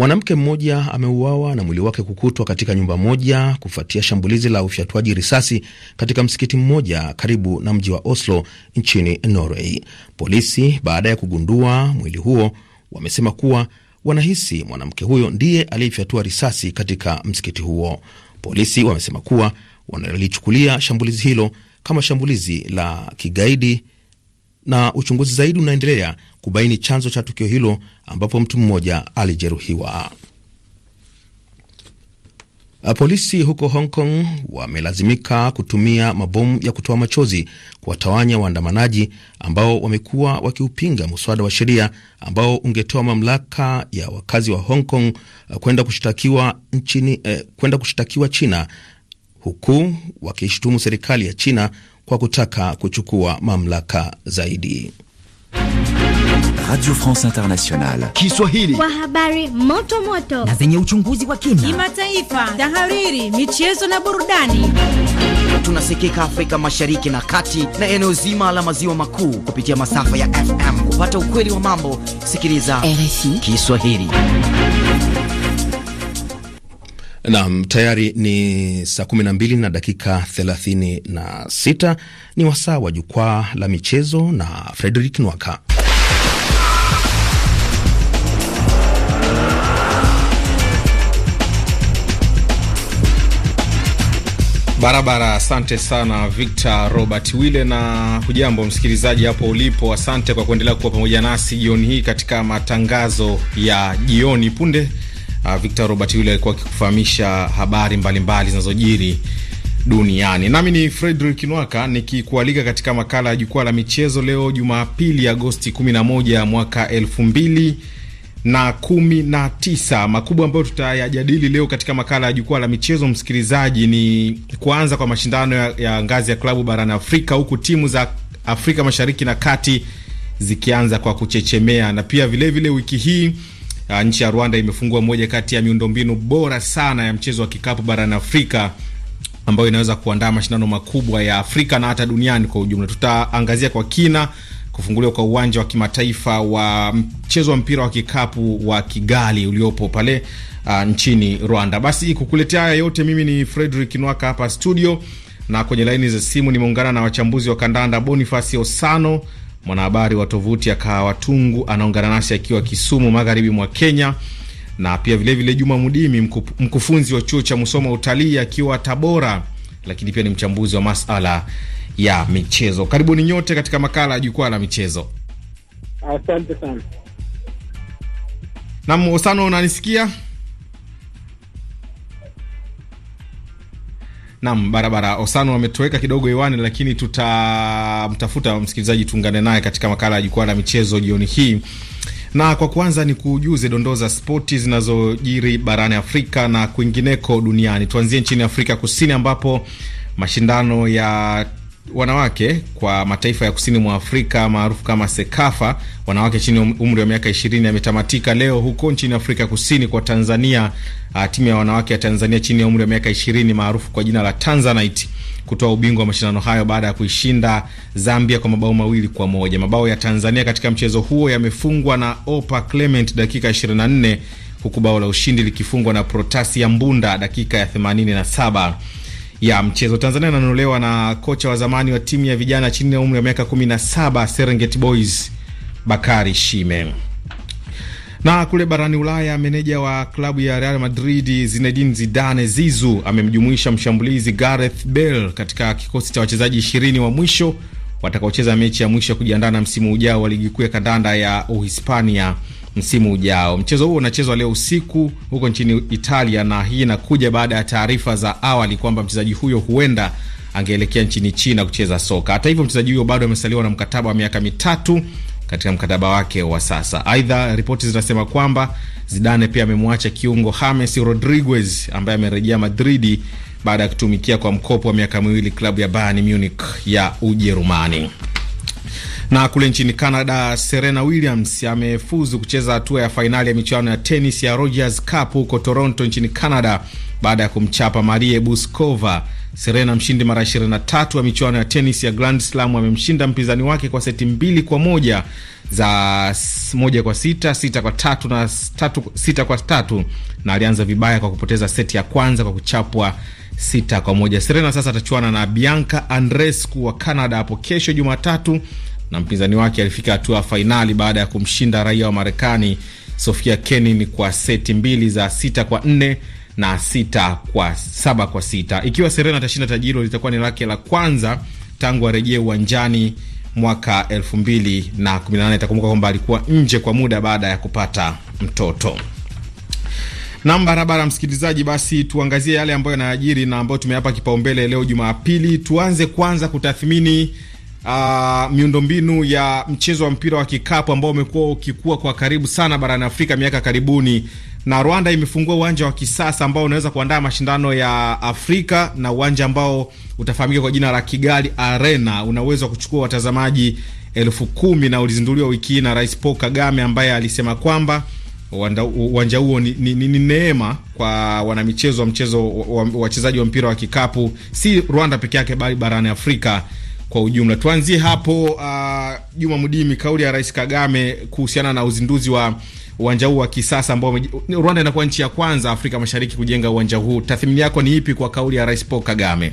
Mwanamke mmoja ameuawa na mwili wake kukutwa katika nyumba moja kufuatia shambulizi la ufyatuaji risasi katika msikiti mmoja karibu na mji wa Oslo nchini Norway. Polisi baada ya kugundua mwili huo wamesema kuwa wanahisi mwanamke huyo ndiye aliyefyatua risasi katika msikiti huo. Polisi wamesema kuwa wanalichukulia shambulizi hilo kama shambulizi la kigaidi na uchunguzi zaidi unaendelea kubaini chanzo cha tukio hilo ambapo mtu mmoja alijeruhiwa. Polisi huko Hong Kong wamelazimika kutumia mabomu ya kutoa machozi kuwatawanya waandamanaji ambao wamekuwa wakiupinga mswada wa sheria ambao ungetoa mamlaka ya wakazi wa Hong Kong uh, kwenda kushtakiwa nchini, eh, kwenda kushtakiwa China huku wakishutumu serikali ya China kwa kutaka kuchukua mamlaka zaidi. Radio France Internationale. Kiswahili. Kwa habari moto moto na zenye uchunguzi wa kina, kimataifa, tahariri, michezo na burudani. Tunasikika Afrika Mashariki na Kati na eneo zima la maziwa makuu kupitia masafa ya FM. Kupata ukweli wa mambo, sikiliza RFI Kiswahili. Naam, tayari ni saa 12 na dakika 36, ni wasaa wa jukwaa la michezo na Frederick Nwaka. Barabara, asante sana Victor Robert wille na hujambo msikilizaji hapo ulipo. Asante kwa kuendelea kuwa pamoja nasi jioni hii katika matangazo ya jioni. Punde uh, Victor Robert Wille alikuwa akikufahamisha habari mbalimbali zinazojiri duniani, nami ni Fredrick Nwaka nikikualika katika makala ya jukwaa la michezo leo Jumapili, Agosti 11 mwaka elfu mbili na kumi na tisa. Makubwa ambayo tutayajadili leo katika makala ya jukwaa la michezo, msikilizaji, ni kuanza kwa mashindano ya, ya ngazi ya klabu barani Afrika, huku timu za Afrika Mashariki na Kati zikianza kwa kuchechemea, na pia vilevile wiki hii ah, nchi ya Rwanda imefungua moja kati ya miundombinu bora sana ya mchezo wa kikapu barani Afrika ambayo inaweza kuandaa mashindano makubwa ya Afrika na hata duniani kwa ujumla. Tutaangazia kwa kina kufunguliwa kwa uwanja wa kimataifa wa mchezo wa mpira wa kikapu wa Kigali uliopo pale uh, nchini Rwanda. Basi kukuletea haya yote mimi ni Frederick Nwaka hapa studio, na kwenye laini za simu nimeungana na wachambuzi wa kandanda Boniface Osano, mwanahabari wa tovuti ya Kawatungu, anaungana nasi akiwa Kisumu, magharibi mwa Kenya, na pia vilevile vile Juma Mudimi, mkufunzi wa chuo cha Musoma utalii, akiwa Tabora, lakini pia ni mchambuzi wa masala ya michezo. Karibuni nyote katika makala ya jukwaa la michezo. Asante sana. Naam, Osano, unanisikia? Nam barabara. Osano ametoweka kidogo hewani, lakini tutamtafuta msikilizaji, tuungane naye katika makala ya jukwaa la michezo jioni hii na kwa kwanza ni kujuze dondoo za spoti zinazojiri barani Afrika na kwingineko duniani. Tuanzie nchini Afrika Kusini ambapo mashindano ya wanawake kwa mataifa ya kusini mwa Afrika maarufu kama SEKAFA, wanawake chini umri wa miaka ishirini yametamatika leo huko nchini Afrika Kusini kwa Tanzania. Uh, timu ya wanawake ya Tanzania chini ya umri wa miaka ishirini maarufu kwa jina la Tanzanite kutoa ubingwa wa mashindano hayo baada ya kuishinda Zambia kwa mabao mawili kwa moja. Mabao ya Tanzania katika mchezo huo yamefungwa na Opa Clement dakika 24 huku bao la ushindi likifungwa na Protasi ya Mbunda dakika ya 87 ya mchezo. Tanzania inanunuliwa na kocha wa zamani wa timu ya vijana chini ya umri wa miaka 17 Serengeti Boys Bakari Shime. Na kule barani Ulaya, meneja wa klabu ya Real Madrid Zinedine Zidane Zizu amemjumuisha mshambulizi Gareth Bale katika kikosi cha wachezaji ishirini wa mwisho watakaocheza mechi ya mwisho ya kujiandaa na msimu ujao wa ligi kuu ya kandanda ya Uhispania msimu ujao. Mchezo huo unachezwa leo usiku huko nchini Italia, na hii inakuja baada ya taarifa za awali kwamba mchezaji huyo huenda angeelekea nchini China kucheza soka. Hata hivyo, mchezaji huyo bado amesaliwa na mkataba wa miaka mitatu katika mkataba wake wa sasa. Aidha, ripoti zinasema kwamba Zidane pia amemwacha kiungo James Rodriguez ambaye amerejea Madridi baada ya kutumikia kwa mkopo wa miaka miwili klabu ya Bayern Munich ya Ujerumani. Na kule nchini Canada, Serena Williams amefuzu kucheza hatua ya fainali ya michuano ya tenis ya Rogers Cup huko Toronto nchini Canada baada ya kumchapa Marie Buskova. Serena, mshindi mara 23 wa michuano ya tenis ya Grand Slam, amemshinda mpinzani wake kwa seti mbili kwa moja za moja kwa sita, sita kwa tatu na tatu, sita kwa tatu na alianza vibaya kwa kupoteza seti ya kwanza kwa kuchapwa sita kwa moja. Serena sasa atachuana na Bianca Andreescu wa Canada hapo kesho Jumatatu na mpinzani wake alifika hatua ya fainali baada ya kumshinda raia wa Marekani Sofia Kenin kwa seti mbili za sita kwa nne na sita kwa saba kwa sita. Ikiwa Serena atashinda taji hilo litakuwa ni lake la kwanza tangu arejee uwanjani mwaka elfu mbili na na kumi nane. Itakumbuka kwamba alikuwa nje kwa muda baada ya kupata mtoto nam barabara. Msikilizaji, basi tuangazie yale ambayo yanayajiri na ambayo tumeyapa kipaumbele leo Jumapili. Tuanze kwanza kutathmini uh, miundombinu ya mchezo wa mpira wa kikapu ambao umekuwa ukikua kwa karibu sana barani Afrika miaka karibuni, na Rwanda imefungua uwanja wa kisasa ambao unaweza kuandaa mashindano ya Afrika, na uwanja ambao utafahamika kwa jina la Kigali Arena una uwezo wa kuchukua watazamaji elfu kumi na ulizinduliwa wiki hii na Rais Paul Kagame ambaye alisema kwamba uwanja huo ni, ni, ni neema kwa wanamichezo wa mchezo wachezaji wa, wa, wa mpira wa kikapu si Rwanda peke yake bali barani Afrika kwa ujumla. Tuanzie hapo, uh, Juma Mdimi, kauli ya Rais Kagame kuhusiana na uzinduzi wa uwanja huu wa kisasa ambao Rwanda inakuwa nchi ya kwanza Afrika Mashariki kujenga uwanja huu, tathmini yako ni ipi kwa kauli ya Rais Paul Kagame?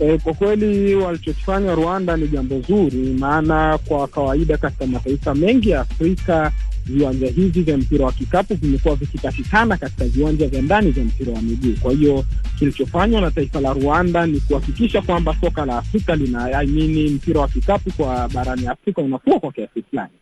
E, kwa kweli walichokifanya Rwanda ni jambo zuri, maana kwa kawaida katika mataifa mengi ya Afrika viwanja hivi vya mpira wa kikapu vimekuwa vikipatikana katika viwanja vya ndani vya mpira wa miguu. Kwa hiyo kilichofanywa na taifa la Rwanda ni kuhakikisha kwamba soka la Afrika lina mpira wa kikapu kwa barani Afrika unakuwa kwa kiasi fulani,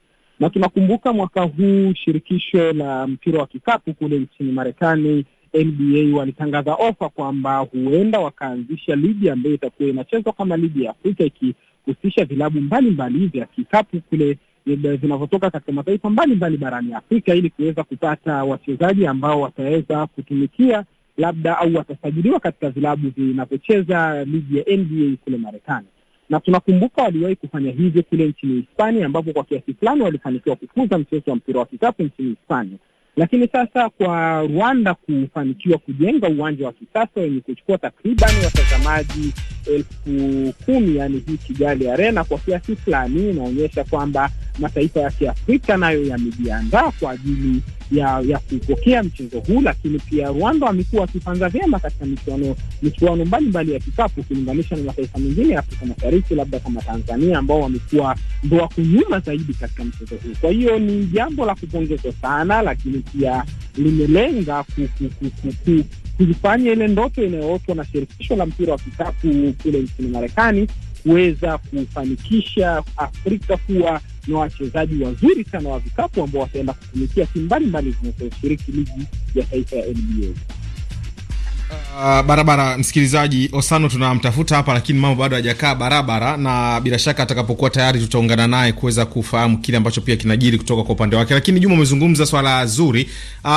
na tunakumbuka mwaka huu shirikisho la mpira wa kikapu kule nchini Marekani NBA walitangaza ofa kwamba huenda wakaanzisha ligi ambayo itakuwa inachezwa kama ligi ya Afrika ikihusisha vilabu mbalimbali vya kikapu kule Eh, zinavyotoka katika mataifa mbalimbali barani Afrika ili kuweza kupata wachezaji ambao wataweza kutumikia labda au watasajiliwa katika vilabu vinavyocheza ligi ya NBA kule Marekani na tunakumbuka waliwahi kufanya hivyo kule nchini Hispania, ambapo kwa kiasi fulani walifanikiwa kukuza mchezo wa mpira wa kikapu nchini Hispania. Lakini sasa kwa Rwanda kufanikiwa kujenga uwanja wa kisasa wenye kuchukua takriban watazamaji elfu kumi yani hii Kigali Arena kwa kiasi fulani inaonyesha kwamba mataifa ya Kiafrika nayo yamejiandaa kwa ajili ya ya kupokea mchezo huu, lakini pia Rwanda wamekuwa wakipanga vyema katika michuano michuano mbalimbali ya kikapu ukilinganisha na mataifa mengine ya Afrika Mashariki, labda kama Tanzania ambao wamekuwa ndo wako nyuma zaidi katika mchezo huu. Kwa hiyo ni jambo la kupongezwa sana, lakini pia limelenga kuzifanya ile ndoto inayootwa na shirikisho la mpira wa kikapu kule nchini Marekani kuweza kufanikisha Afrika kuwa ni wachezaji wazuri sana wa vikapu ambao wataenda kutumikia timu mbalimbali zinazoshiriki ligi ya taifa ya NBA. Uh, barabara, msikilizaji Osano tunamtafuta hapa, lakini mambo bado hajakaa barabara, na bila shaka atakapokuwa tayari tutaungana naye kuweza kufahamu kile ambacho pia kinajiri kutoka kwa upande wake. Lakini Juma, umezungumza swala zuri. Uh,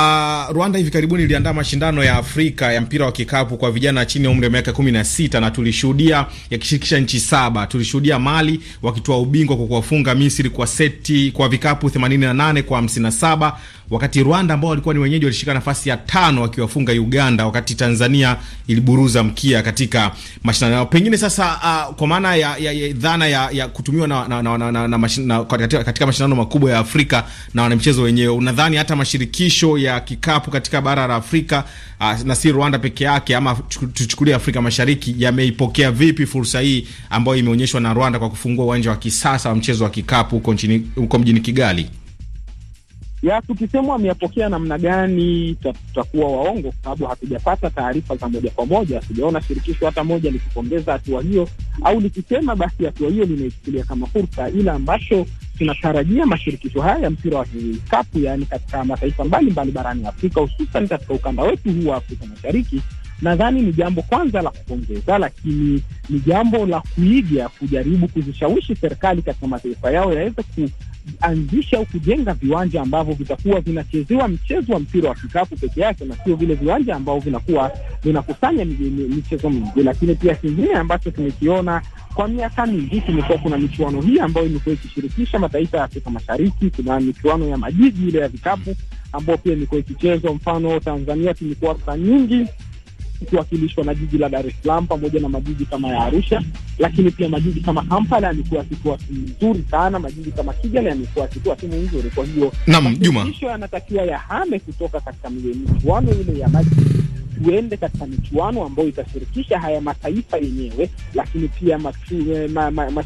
Rwanda hivi karibuni iliandaa mashindano ya Afrika ya mpira wa kikapu kwa vijana chini ya umri wa miaka 16 na tulishuhudia yakishirikisha nchi saba. Tulishuhudia Mali wakitoa ubingwa kwa kuwafunga Misri kwa seti kwa vikapu 88 kwa 57 wakati Rwanda ambao walikuwa ni wenyeji walishika nafasi ya tano wakiwafunga Uganda, wakati Tanzania iliburuza mkia katika mashindano yao. Pengine sasa uh, kwa maana ya, ya, ya dhana ya, ya kutumiwa na, na, na, na, na, na, katika mashindano makubwa ya Afrika na wanamchezo wenyewe, unadhani hata mashirikisho ya kikapu katika bara la Afrika uh, na si Rwanda peke yake ama tuchukulie Afrika Mashariki yameipokea vipi fursa hii ambayo imeonyeshwa na Rwanda kwa kufungua uwanja wa kisasa wa mchezo wa kikapu huko mjini Kigali? ya tukisema ameyapokea namna gani, tutakuwa waongo kwa sababu hatujapata taarifa za moja kwa moja. Hatujaona shirikisho hata moja likipongeza hatua hiyo au likisema basi hatua hiyo limeichukulia kama fursa, ila ambacho tunatarajia mashirikisho haya ya mpira wa kikapu, yaani katika mataifa mbalimbali barani Afrika, hususan katika ukanda wetu huu wa Afrika Mashariki, nadhani ni jambo kwanza la kupongeza, lakini ni jambo la kuiga, kujaribu kuzishawishi serikali katika mataifa yao yaweze ku kuanzisha au kujenga viwanja ambavyo vitakuwa vinachezewa mchezo wa mpira wa kikapu peke yake na sio vile viwanja ambavyo vinakuwa vinakusanya michezo mingi. Lakini pia kingine ambacho tumekiona kwa miaka mingi, kumekuwa kuna michuano hii ambayo imekuwa ikishirikisha mataifa ya Afrika Mashariki. Kuna michuano ya majiji ile ya vikapu ambayo pia imekuwa ikichezwa, mfano Tanzania tumekuwa nyingi kuwakilishwa na jiji la Dar es Salaam pamoja na majiji kama ya Arusha, lakini pia majiji kama Kampala yamekuwa akitoa timu nzuri sana, majiji kama Kigali yamekuwa akitoa timu nzuri. Kwa hiyo kisho yanatakiwa yahame kutoka katika michuano ile ya majiji tuende katika michuano ambayo itashirikisha haya mataifa yenyewe, lakini pia mashirikisho eh, ma, ma, ma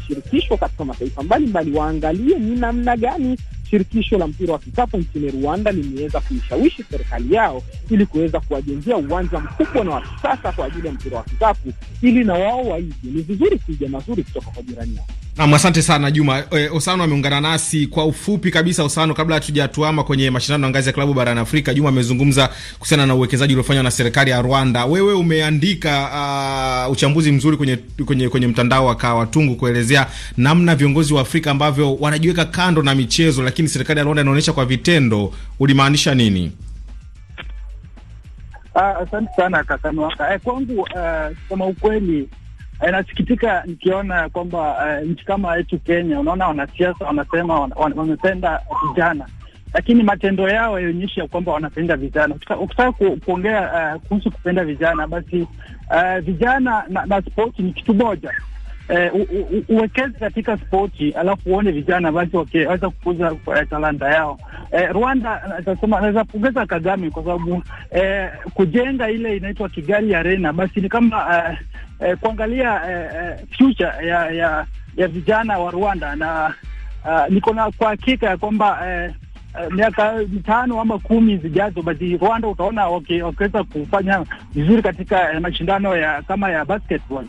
katika mataifa mbalimbali waangalie ni namna gani shirikisho la mpira wa kikapu nchini Rwanda limeweza kuishawishi serikali yao ili kuweza kuwajengea uwanja mkubwa na wa kisasa kwa ajili ya mpira wa kikapu, ili na wao waige. Ni vizuri kuija mazuri kutoka kwa jirani yao. Nam, asante sana Juma. E, Osano ameungana nasi kwa ufupi kabisa. Osano, kabla hatujatuama kwenye mashindano ya ngazi ya klabu barani Afrika, Juma amezungumza kuhusiana na uwekezaji uliofanywa na serikali ya Rwanda. Wewe umeandika uh, uchambuzi mzuri kwenye, kwenye, kwenye mtandao wa Kawatungu kuelezea namna viongozi wa Afrika ambavyo wanajiweka kando na michezo, lakini serikali ya Rwanda inaonyesha kwa vitendo. Ulimaanisha nini? Ah, asante ah, sana Kasanwaka. Eh, kwangu uh, eh, kama ukweli Eh, nasikitika nikiona kwamba uh, nchi kama yetu Kenya, unaona wanasiasa wanasema wamependa vijana, lakini matendo yao yaonyesha kwamba wanapenda vijana. Ukitaka ku, kuongea uh, kuhusu kupenda vijana, basi uh, vijana na, na spoti ni kitu moja. Uh, uwekeze katika spoti alafu uone vijana basi wakiweza kukuza uh, talanta yao. Uh, Rwanda nasema naweza pongeza Kagame kwa sababu uh, kujenga ile inaitwa Kigali Arena basi ni kama uh, eh, kuangalia eh, eh, future ya, ya ya vijana wa Rwanda na uh, niko na kwa hakika ya kwamba eh, eh miaka mitano ama kumi zijazo, basi Rwanda utaona wakiweza okay, okay, kufanya vizuri katika eh, mashindano ya kama ya basketball.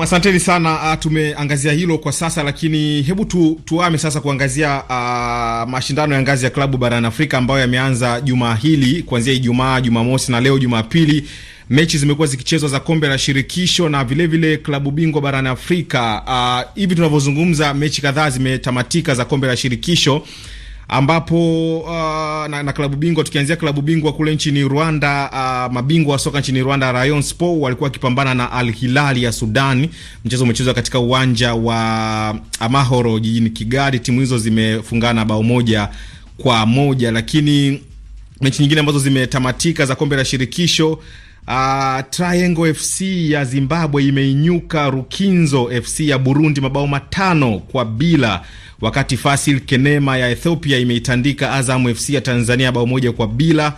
Asanteni sana, ah, tumeangazia hilo kwa sasa, lakini hebu tu, tuame sasa kuangazia uh, mashindano ya ngazi ya klabu barani Afrika ambayo yameanza juma hili kuanzia Ijumaa, Jumamosi na leo Jumapili mechi zimekuwa zikichezwa za kombe la shirikisho na vilevile klabu bingwa barani Afrika. Ah, hivi Uh, tunavyozungumza mechi kadhaa zimetamatika za kombe la shirikisho ambapo uh, na, na klabu bingwa tukianzia klabu bingwa kule nchini Rwanda uh, mabingwa wa soka nchini Rwanda Rayon Sport walikuwa wakipambana na Al Hilali ya Sudani. Mchezo umechezwa katika uwanja wa Amahoro jijini Kigali. Timu hizo zimefungana bao moja kwa moja, lakini mechi nyingine ambazo zimetamatika za kombe la shirikisho Uh, Triangle FC ya Zimbabwe imeinyuka Rukinzo FC ya Burundi mabao matano kwa bila, wakati Fasil Kenema ya Ethiopia imeitandika Azam FC ya Tanzania bao moja kwa bila.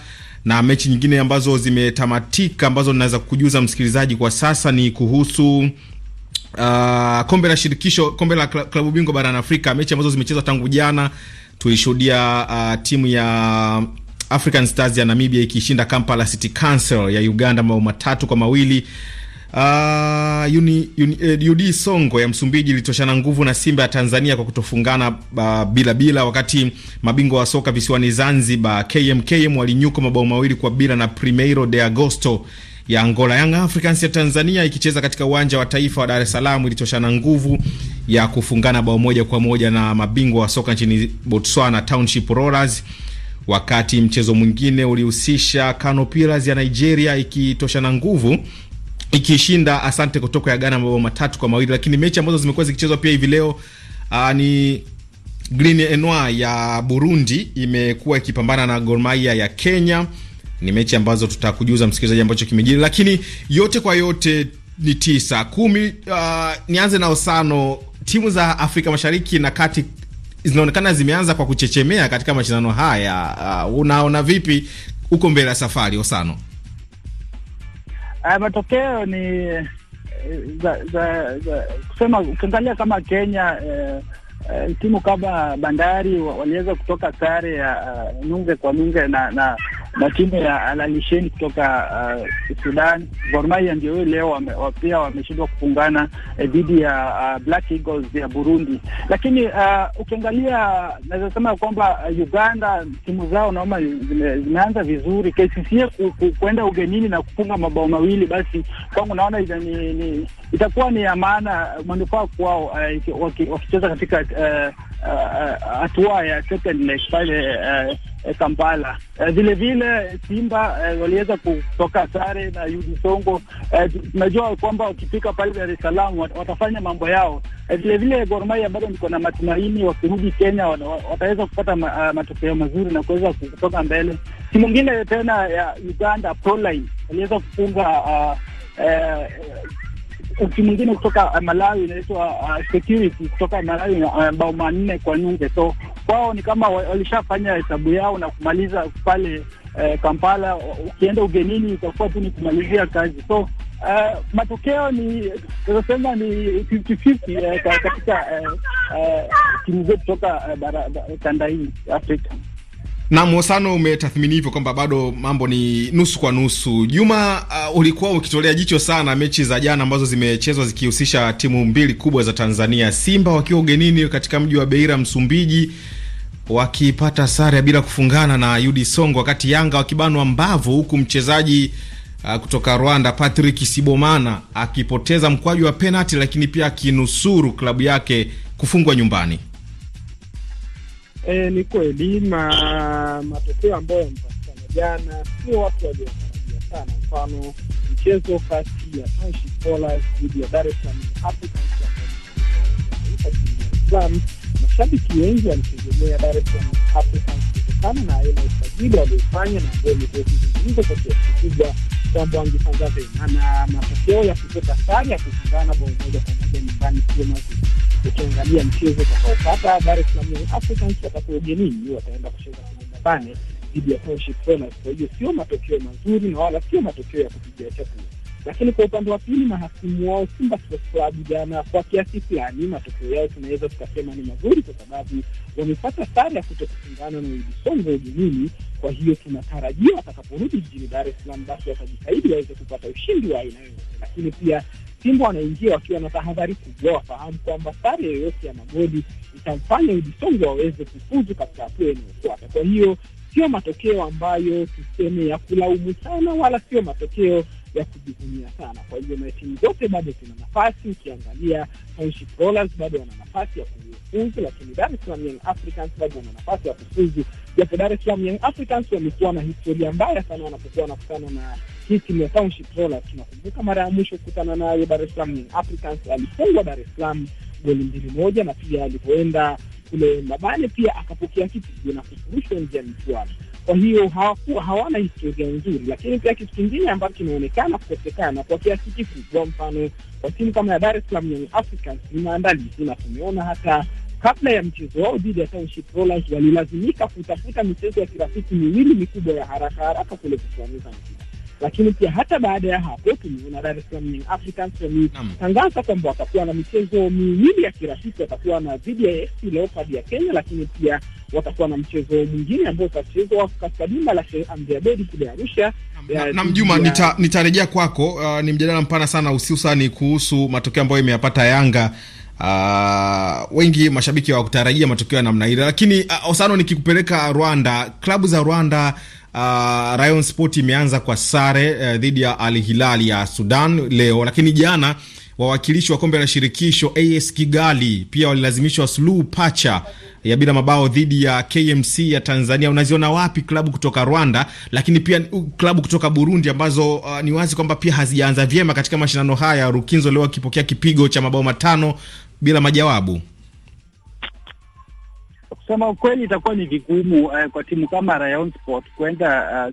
Na mechi nyingine ambazo zimetamatika ambazo naweza kujuza msikilizaji kwa sasa ni kuhusu Uh, kombe la shirikisho, kombe la klabu bingwa barani Afrika, mechi ambazo zimechezwa tangu jana tulishuhudia uh, timu ya African Stars ya Namibia ikishinda Kampala City Council ya Uganda mabao matatu kwa mawili. Uh, uni, uni, uh, eh, UD Songo ya Msumbiji ilitoshana nguvu na Simba ya Tanzania kwa kutofungana uh, bila bila, wakati mabingwa wa soka visiwani Zanzibar KMKM walinyuka mabao mawili kwa bila na Primeiro de Agosto ya Angola. Young Africans ya Tanzania ikicheza katika uwanja wa taifa wa Dar es Salaam ilitoshana nguvu ya kufungana bao moja kwa moja na mabingwa wa soka nchini Botswana Township Rollers wakati mchezo mwingine ulihusisha canopilas ya Nigeria ikitosha na nguvu ikishinda Asante Kotoko ya Ghana mabao matatu kwa mawili. Lakini mechi ambazo zimekuwa zikichezwa pia hivi leo uh, ni Green Enoir ya Burundi imekuwa ikipambana na Gor Mahia ya Kenya. Ni mechi ambazo tutakujuza msikilizaji ambacho kimejiri, lakini yote kwa yote ni tisa kumi. Uh, nianze na Osano, timu za Afrika Mashariki na Kati zinaonekana zimeanza kwa kuchechemea katika mashindano haya. Uh, unaona vipi huko mbele ya safari Osano? Uh, matokeo ni eh, za, za, za, kusema ukiangalia kama Kenya eh, eh timu kama Bandari waliweza kutoka sare ya uh, eh, nunge kwa nunge na, na na timu uh, ya Alalisheni kutoka uh, Sudan. Gor Mahia ndio leo wame, pia wameshindwa kufungana eh, dhidi eh, ya uh, Black Eagles ya Burundi, lakini uh, ukiangalia naweza sema kwamba uh, Uganda timu zao naoma zime, zimeanza vizuri. KCCA ku, ku, kuenda ugenini na kufunga mabao mawili, basi kwangu naona ita, ni, ni, itakuwa ni ya maana uh, manufaa kwao uh, wakicheza waki katika hatua uh, uh, uh, ya second leg pale uh, eh, Kampala. Vilevile eh, vile eh, Simba eh, waliweza kutoka sare na udisongo Songo. Eh, tunajua eh, kwamba wakifika pale Dar es Salaam watafanya mambo yao. vile vile Gor Mahia bado niko na matumaini, wakirudi Kenya wataweza kupata ma, uh, matokeo mazuri na kuweza kutoka mbele. Timu ingine tena ya Uganda Proline waliweza kufunga uh, ah, uh, timu nyingine kutoka ah, Malawi inaitwa uh, Security kutoka Malawi uh, bao manne kwa nunge so kwao ni kama walishafanya hesabu yao na kumaliza pale eh, Kampala. Ukienda ugenini itakuwa tu ni kumalizia kazi, so uh, matokeo ni tunasema ni 50-50 eh, katika eh, eh, timu zetu kutoka eh, kanda hii Afrika na Mhosano, umetathmini hivyo kwamba bado mambo ni nusu kwa nusu. Juma, uh, ulikuwa ukitolea jicho sana mechi za jana ambazo zimechezwa zikihusisha timu mbili kubwa za Tanzania, Simba wakiwa ugenini katika mji wa Beira, Msumbiji, wakipata sare bila kufungana na Yudi Songo, wakati Yanga wakibanwa mbavu, huku mchezaji uh, kutoka Rwanda Patrick Sibomana akipoteza mkwaju wa penalti, lakini pia akinusuru klabu yake kufungwa nyumbani. E, ni kweli na matokeo ambayo yamepatikana jana sio watu waliotarajia sana. Mfano, mchezo kati ya Township Bowlers dhidi ya Dar es Salaam Africans Salaam, mashabiki wengi walitegemea Dar es Salaam Africans kutokana na aina usajili waliofanya na ambayo imekuwa kwa kiasi kikubwa kwamba wangefanya vyema, na matokeo ya kutoka sare ya kushindana bao moja kwa moja nyumbani sio mazuri. Ukiangalia mchezo utakaopata Dar es Salaam Africans watakuwa ugenini, wataenda kucheza kwenye sana dhidi ya Fellas. Kwa hiyo sio matokeo mazuri na wala sio matokeo ya kupigia chakula. Lakini kwa upande wa pili, mahasimu wao Simba Sports Club jana, kwa kiasi fulani matokeo yao tunaweza tukasema ni mazuri, kwa sababu wamepata sare ya kuto kufungana na Ujisongo ugenini. Kwa hiyo tunatarajia watakaporudi jijini Dar es Salaam, basi watajitahidi waweze kupata ushindi wa aina yoyote, lakini pia Simba wanaingia wakiwa na tahadhari kubwa, wafahamu kwamba sare yoyote ya magoli itamfanya Udisongo waweze kufuzu katika hatua inayofuata. Kwa hiyo sio matokeo ambayo tuseme ya kulaumu sana, wala sio matokeo ya kujivunia sana. Kwa hivyo na timu zote bado zina nafasi. Ukiangalia Township Rollers bado wana nafasi ya kufuzu, lakini Dar es Salaam Young Africans bado wana nafasi ya kufuzu, japo Dar es Salaam Young Africans wamekuwa na historia mbaya sana wanapokuwa wanakutana na hii timu ya Township Rollers. Tunakumbuka mara ya mwisho kukutana naye Dar es Salaam Young Africans alifungwa Dar es Salaam goli mbili moja, na pia alipoenda kule Mbabane pia akapokea kipigo na kufurushwa nje ya michuano. Kwa hiyo hawakuwa hawana historia nzuri, lakini pia kitu kingine ambacho kinaonekana kukosekana kwa kiasi kikubwa, mfano kwa timu kama ya Dar es Salaam Young Africans ni maandalizi, na tumeona hata kabla ya mchezo wao dhidi ya Township Rollers walilazimika kutafuta michezo ya kirafiki miwili mikubwa ya haraka haraka kule kufuaniza mchezo lakini pia hata baada ya hapo tumeona Dar es Salaam Young Africans wametangaza kwamba watakuwa na michezo miwili ya kirafiki, watakuwa na dhidi ya AFC Leopards ya Kenya, lakini pia watakuwa na mchezo mwingine ambao utachezwa katika dimba la Sheikh Amri Abeid kule Arusha. Na Mjuma, nitarejea kwako. Uh, ni mjadala mpana sana, hususani kuhusu matokeo ambayo imeyapata Yanga. Uh, wengi mashabiki hawakutarajia matokeo ya namna ile, lakini uh, Osano, nikikupeleka Rwanda, klabu za Rwanda Uh, Rayon Sport imeanza kwa sare uh, dhidi ya Al Hilal ya Sudan leo, lakini jana wawakilishi wa kombe la shirikisho AS Kigali pia walilazimishwa suluhu pacha ya bila mabao dhidi ya KMC ya Tanzania. Unaziona wapi klabu kutoka Rwanda, lakini pia uh, klabu kutoka Burundi ambazo uh, ni wazi kwamba pia hazijaanza vyema katika mashindano haya. Rukinzo leo akipokea kipigo cha mabao matano bila majawabu. Kusema ukweli itakuwa ni vigumu uh, kwa timu kama Rayon Sport uh,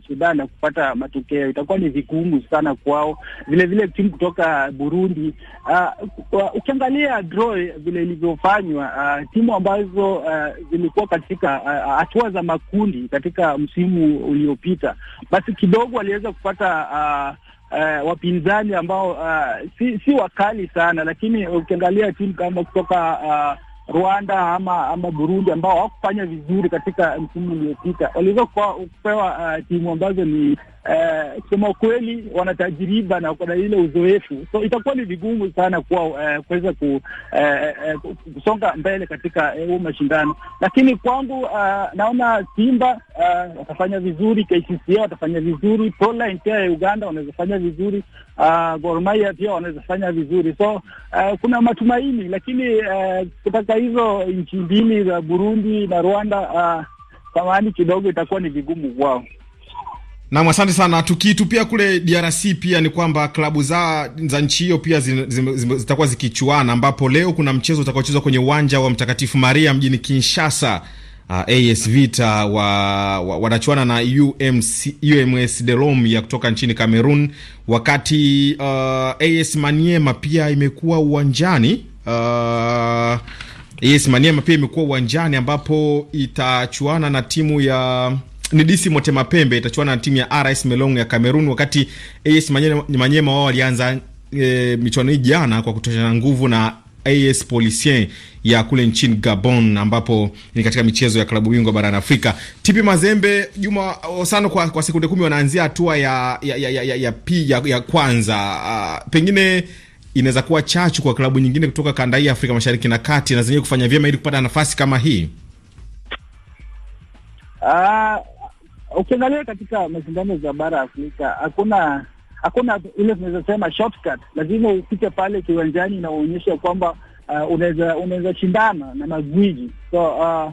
Sudan na kupata matokeo, itakuwa ni vigumu sana kwao. vilevile vile timu kutoka Burundi uh, ukiangalia draw vile ilivyofanywa, uh, timu ambazo uh, zilikuwa katika hatua uh, za makundi katika msimu uliopita, basi kidogo waliweza kupata uh, Uh, wapinzani ambao uh, si, si wakali sana, lakini ukiangalia timu kama kutoka uh, Rwanda ama ama Burundi ambao hawakufanya vizuri katika msimu uliopita waliweza kupewa uh, timu ambazo ni Eh, kusema kweli, wana tajriba na kuna ile uzoefu, so itakuwa ni vigumu sana eh, kuweza ku, uh, uh, kusonga mbele katika huu uh, mashindano. Lakini kwangu uh, naona Simba uh, watafanya vizuri, KCCA watafanya vizuri, Proline pia ya Uganda wanaweza fanya vizuri, uh, Gor Mahia pia wanaweza fanya vizuri, so uh, kuna matumaini, lakini uh, kutaka hizo nchi mbili za Burundi na Rwanda uh, thamani kidogo itakuwa ni vigumu kwao. Nam, asante sana. Tukitupia kule DRC pia ni kwamba klabu za, za nchi hiyo pia zitakuwa zikichuana, ambapo leo kuna mchezo utakaochezwa kwenye uwanja wa Mtakatifu Maria mjini Kinshasa. Uh, ah, AS Vita wa, wa, wa na UMC, UMS Delom ya kutoka nchini Cameroon, wakati uh, ah, AS Maniema pia imekuwa uwanjani uh, ah, AS Maniema pia imekuwa uwanjani ambapo itachuana na timu ya ni DC Motema Pembe itachuana na timu ya RS Melong ya Cameroon, wakati AS Manyema wao walianza e, michuano hii jana kwa kutoshana nguvu na AS Policien ya kule nchini Gabon, ambapo ni katika michezo ya klabu bingwa barani Afrika. Tipi Mazembe Juma sana kwa, kwa sekunde kumi wanaanzia hatua ya ya, ya, ya, ya, ya, pi, ya ya kwanza. Uh, pengine inaweza kuwa chachu kwa klabu nyingine kutoka kanda hii ya Afrika Mashariki na Kati na zenyewe kufanya vyema ili kupata nafasi kama hii. Uh ukiangalia katika mashindano za bara ya Afrika hakuna hakuna ile tunawezosema shortcut, lazima ufike pale kiwanjani na uonyesha kwamba uh, unaweza unaweza shindana na magwiji. So uh,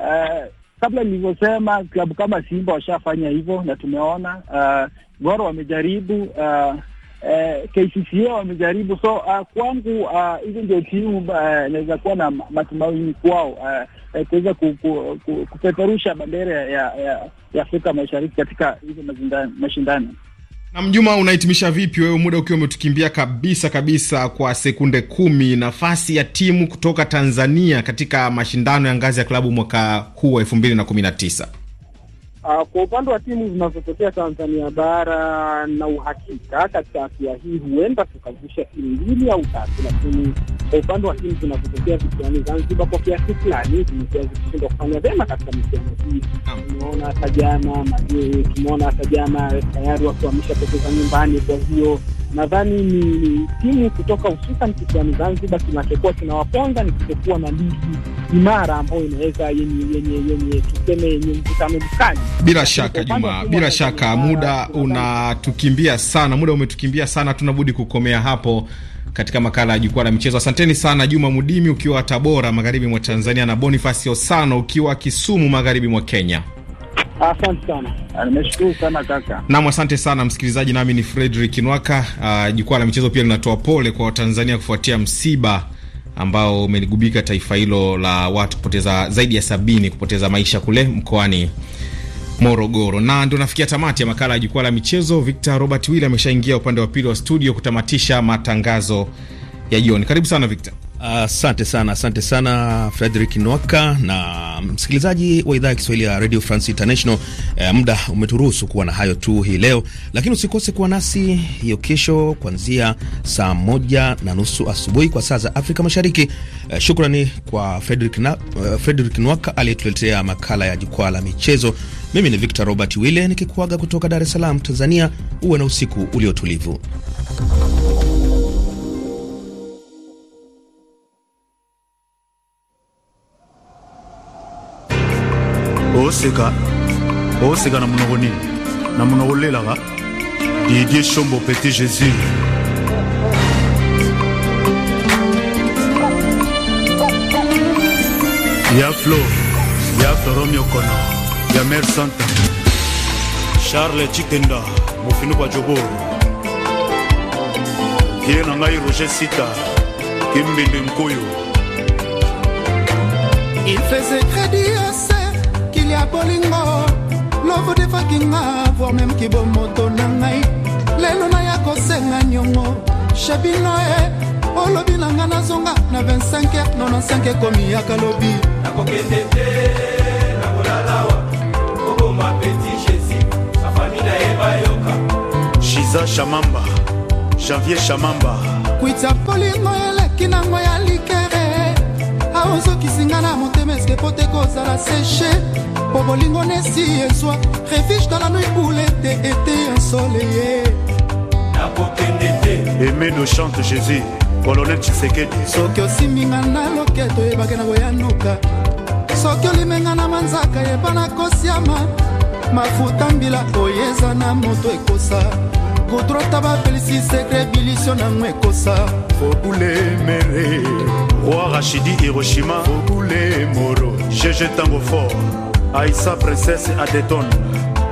uh, kabla nilivyosema klabu kama Simba washafanya hivyo na tumeona uh, Goro wamejaribu uh, KCCA wamejaribu. So uh, kwangu uh, ndio timu uh, inaweza kuwa na matumaini kwao uh, eh, kuweza ku, ku, ku, kupeperusha bendera ya, ya, ya Afrika Mashariki katika hizo mashindano. Na Mjuma, unahitimisha vipi wewe, muda ukiwa umetukimbia kabisa kabisa kwa sekunde kumi, nafasi ya timu kutoka Tanzania katika mashindano ya ngazi ya klabu mwaka huu wa elfu mbili na kumi na tisa? Uh, kwa upande wa timu zinazotokea Tanzania bara na uhakika katika afya hii, huenda tukavusha timu mbili au tatu, lakini kwa upande wa timu zinazotokea visiwani Zanzibar kwa kiasi fulani zimekuwa zikishindwa kufanya vema katika michuano hii. Tumeona hata jana, tumeona hata jana tayari wakiamisha poteza nyumbani, kwa hiyo nadhani ni timu kutoka hususan kisiwani Zanzibar kinachokuwa kinawaponza ni kutokuwa na ligi imara ambayo inaweza yenye yenye yenye tuseme yenye mvutano dukani. Bila shaka Juma, bila shaka muda unatukimbia sana, muda umetukimbia sana, tunabudi kukomea hapo katika makala ya jukwaa la michezo. Asanteni sana Juma Mudimi ukiwa Tabora, magharibi mwa Tanzania, na Boniface Osano ukiwa Kisumu, magharibi mwa Kenya nam asante sana msikilizaji, nami ni Fredrick Nwaka. Uh, jukwaa la michezo pia linatoa pole kwa Watanzania kufuatia msiba ambao umeligubika taifa hilo la watu kupoteza zaidi ya sabini kupoteza maisha kule mkoani Morogoro. Na ndio nafikia tamati ya makala ya jukwaa la michezo. Victor Robert Will ameshaingia upande wa pili wa studio kutamatisha matangazo ya jioni. Karibu sana Victor. Asante uh, sana asante sana Frederick Nwaka na msikilizaji wa idhaa ya Kiswahili ya Radio France International. Uh, muda umeturuhusu kuwa na hayo tu hii leo, lakini usikose kuwa nasi hiyo kesho kuanzia saa moja na nusu asubuhi kwa saa za Afrika Mashariki. Uh, shukrani kwa Frederick, na, uh, Frederick Nwaka aliyetuletea makala ya jukwaa la michezo. Mimi ni Victor Robert Wille nikikuaga kutoka Dar es Salaam, Tanzania. Uwe na usiku uliotulivu. oseka ooseka na monoko nini na monoko olelaka didie shombo petit jésus ya flo ya floromi okono ya mare santa charles cikenda mofinu bajoboro ye na ngai roger sita kimbende nkoyo il faisait crédit à ça. ya bolingo love defakinga voir meme kibomoto na ngai lelo naya kosenga niongo shabino e olobi na ngai nazonga na 25 heure 95 ekomi yaka lobi nakokende te nakolalawa oboma peti jésus afami nayeba yoka shiza shamamba janvier shamamba kwita bolingo eleki nango ya like ozokisinga na motema eske po te kozala seche mpo bolingo nesi ezwa refuge dans la nuit pour l'été été ensoleillé nakokende te emeno chante jésus kolonel tshisekedi soki osiminga na loketo oyebaki na koyanuka soki olimenga na manzaka yeba na kosiama mafuta mbila oyeza na moto ekosa gutrota bapelisi sekre bilisio nango ekosa fokule mere roi rachidi hiroshima fokule moro gg tango fort aïssa princesse adeton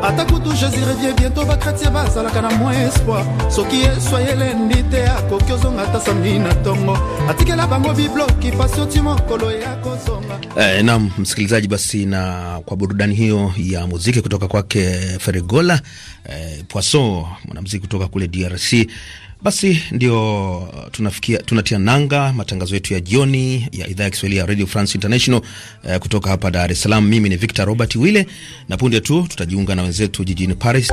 ata kutu jésus revie bientôt bakretie bazalaka na mwa espoir soki yesu ayelendi te akoki ozonga ata samdi na ntongo atikela bango bibloki pasi oti mokolo ya kozonga eh, nam msikilizaji basi na kwa burudani hiyo ya muziki kutoka kwake ferigola eh, poisson mwanamziki kutoka kule drc Basi ndio tunafikia, tunatia nanga matangazo yetu ya jioni ya idhaa ya Kiswahili ya Radio France International eh, kutoka hapa Dar es Salaam. Mimi ni Victor Robert Wille, na punde tu tutajiunga na wenzetu jijini Paris.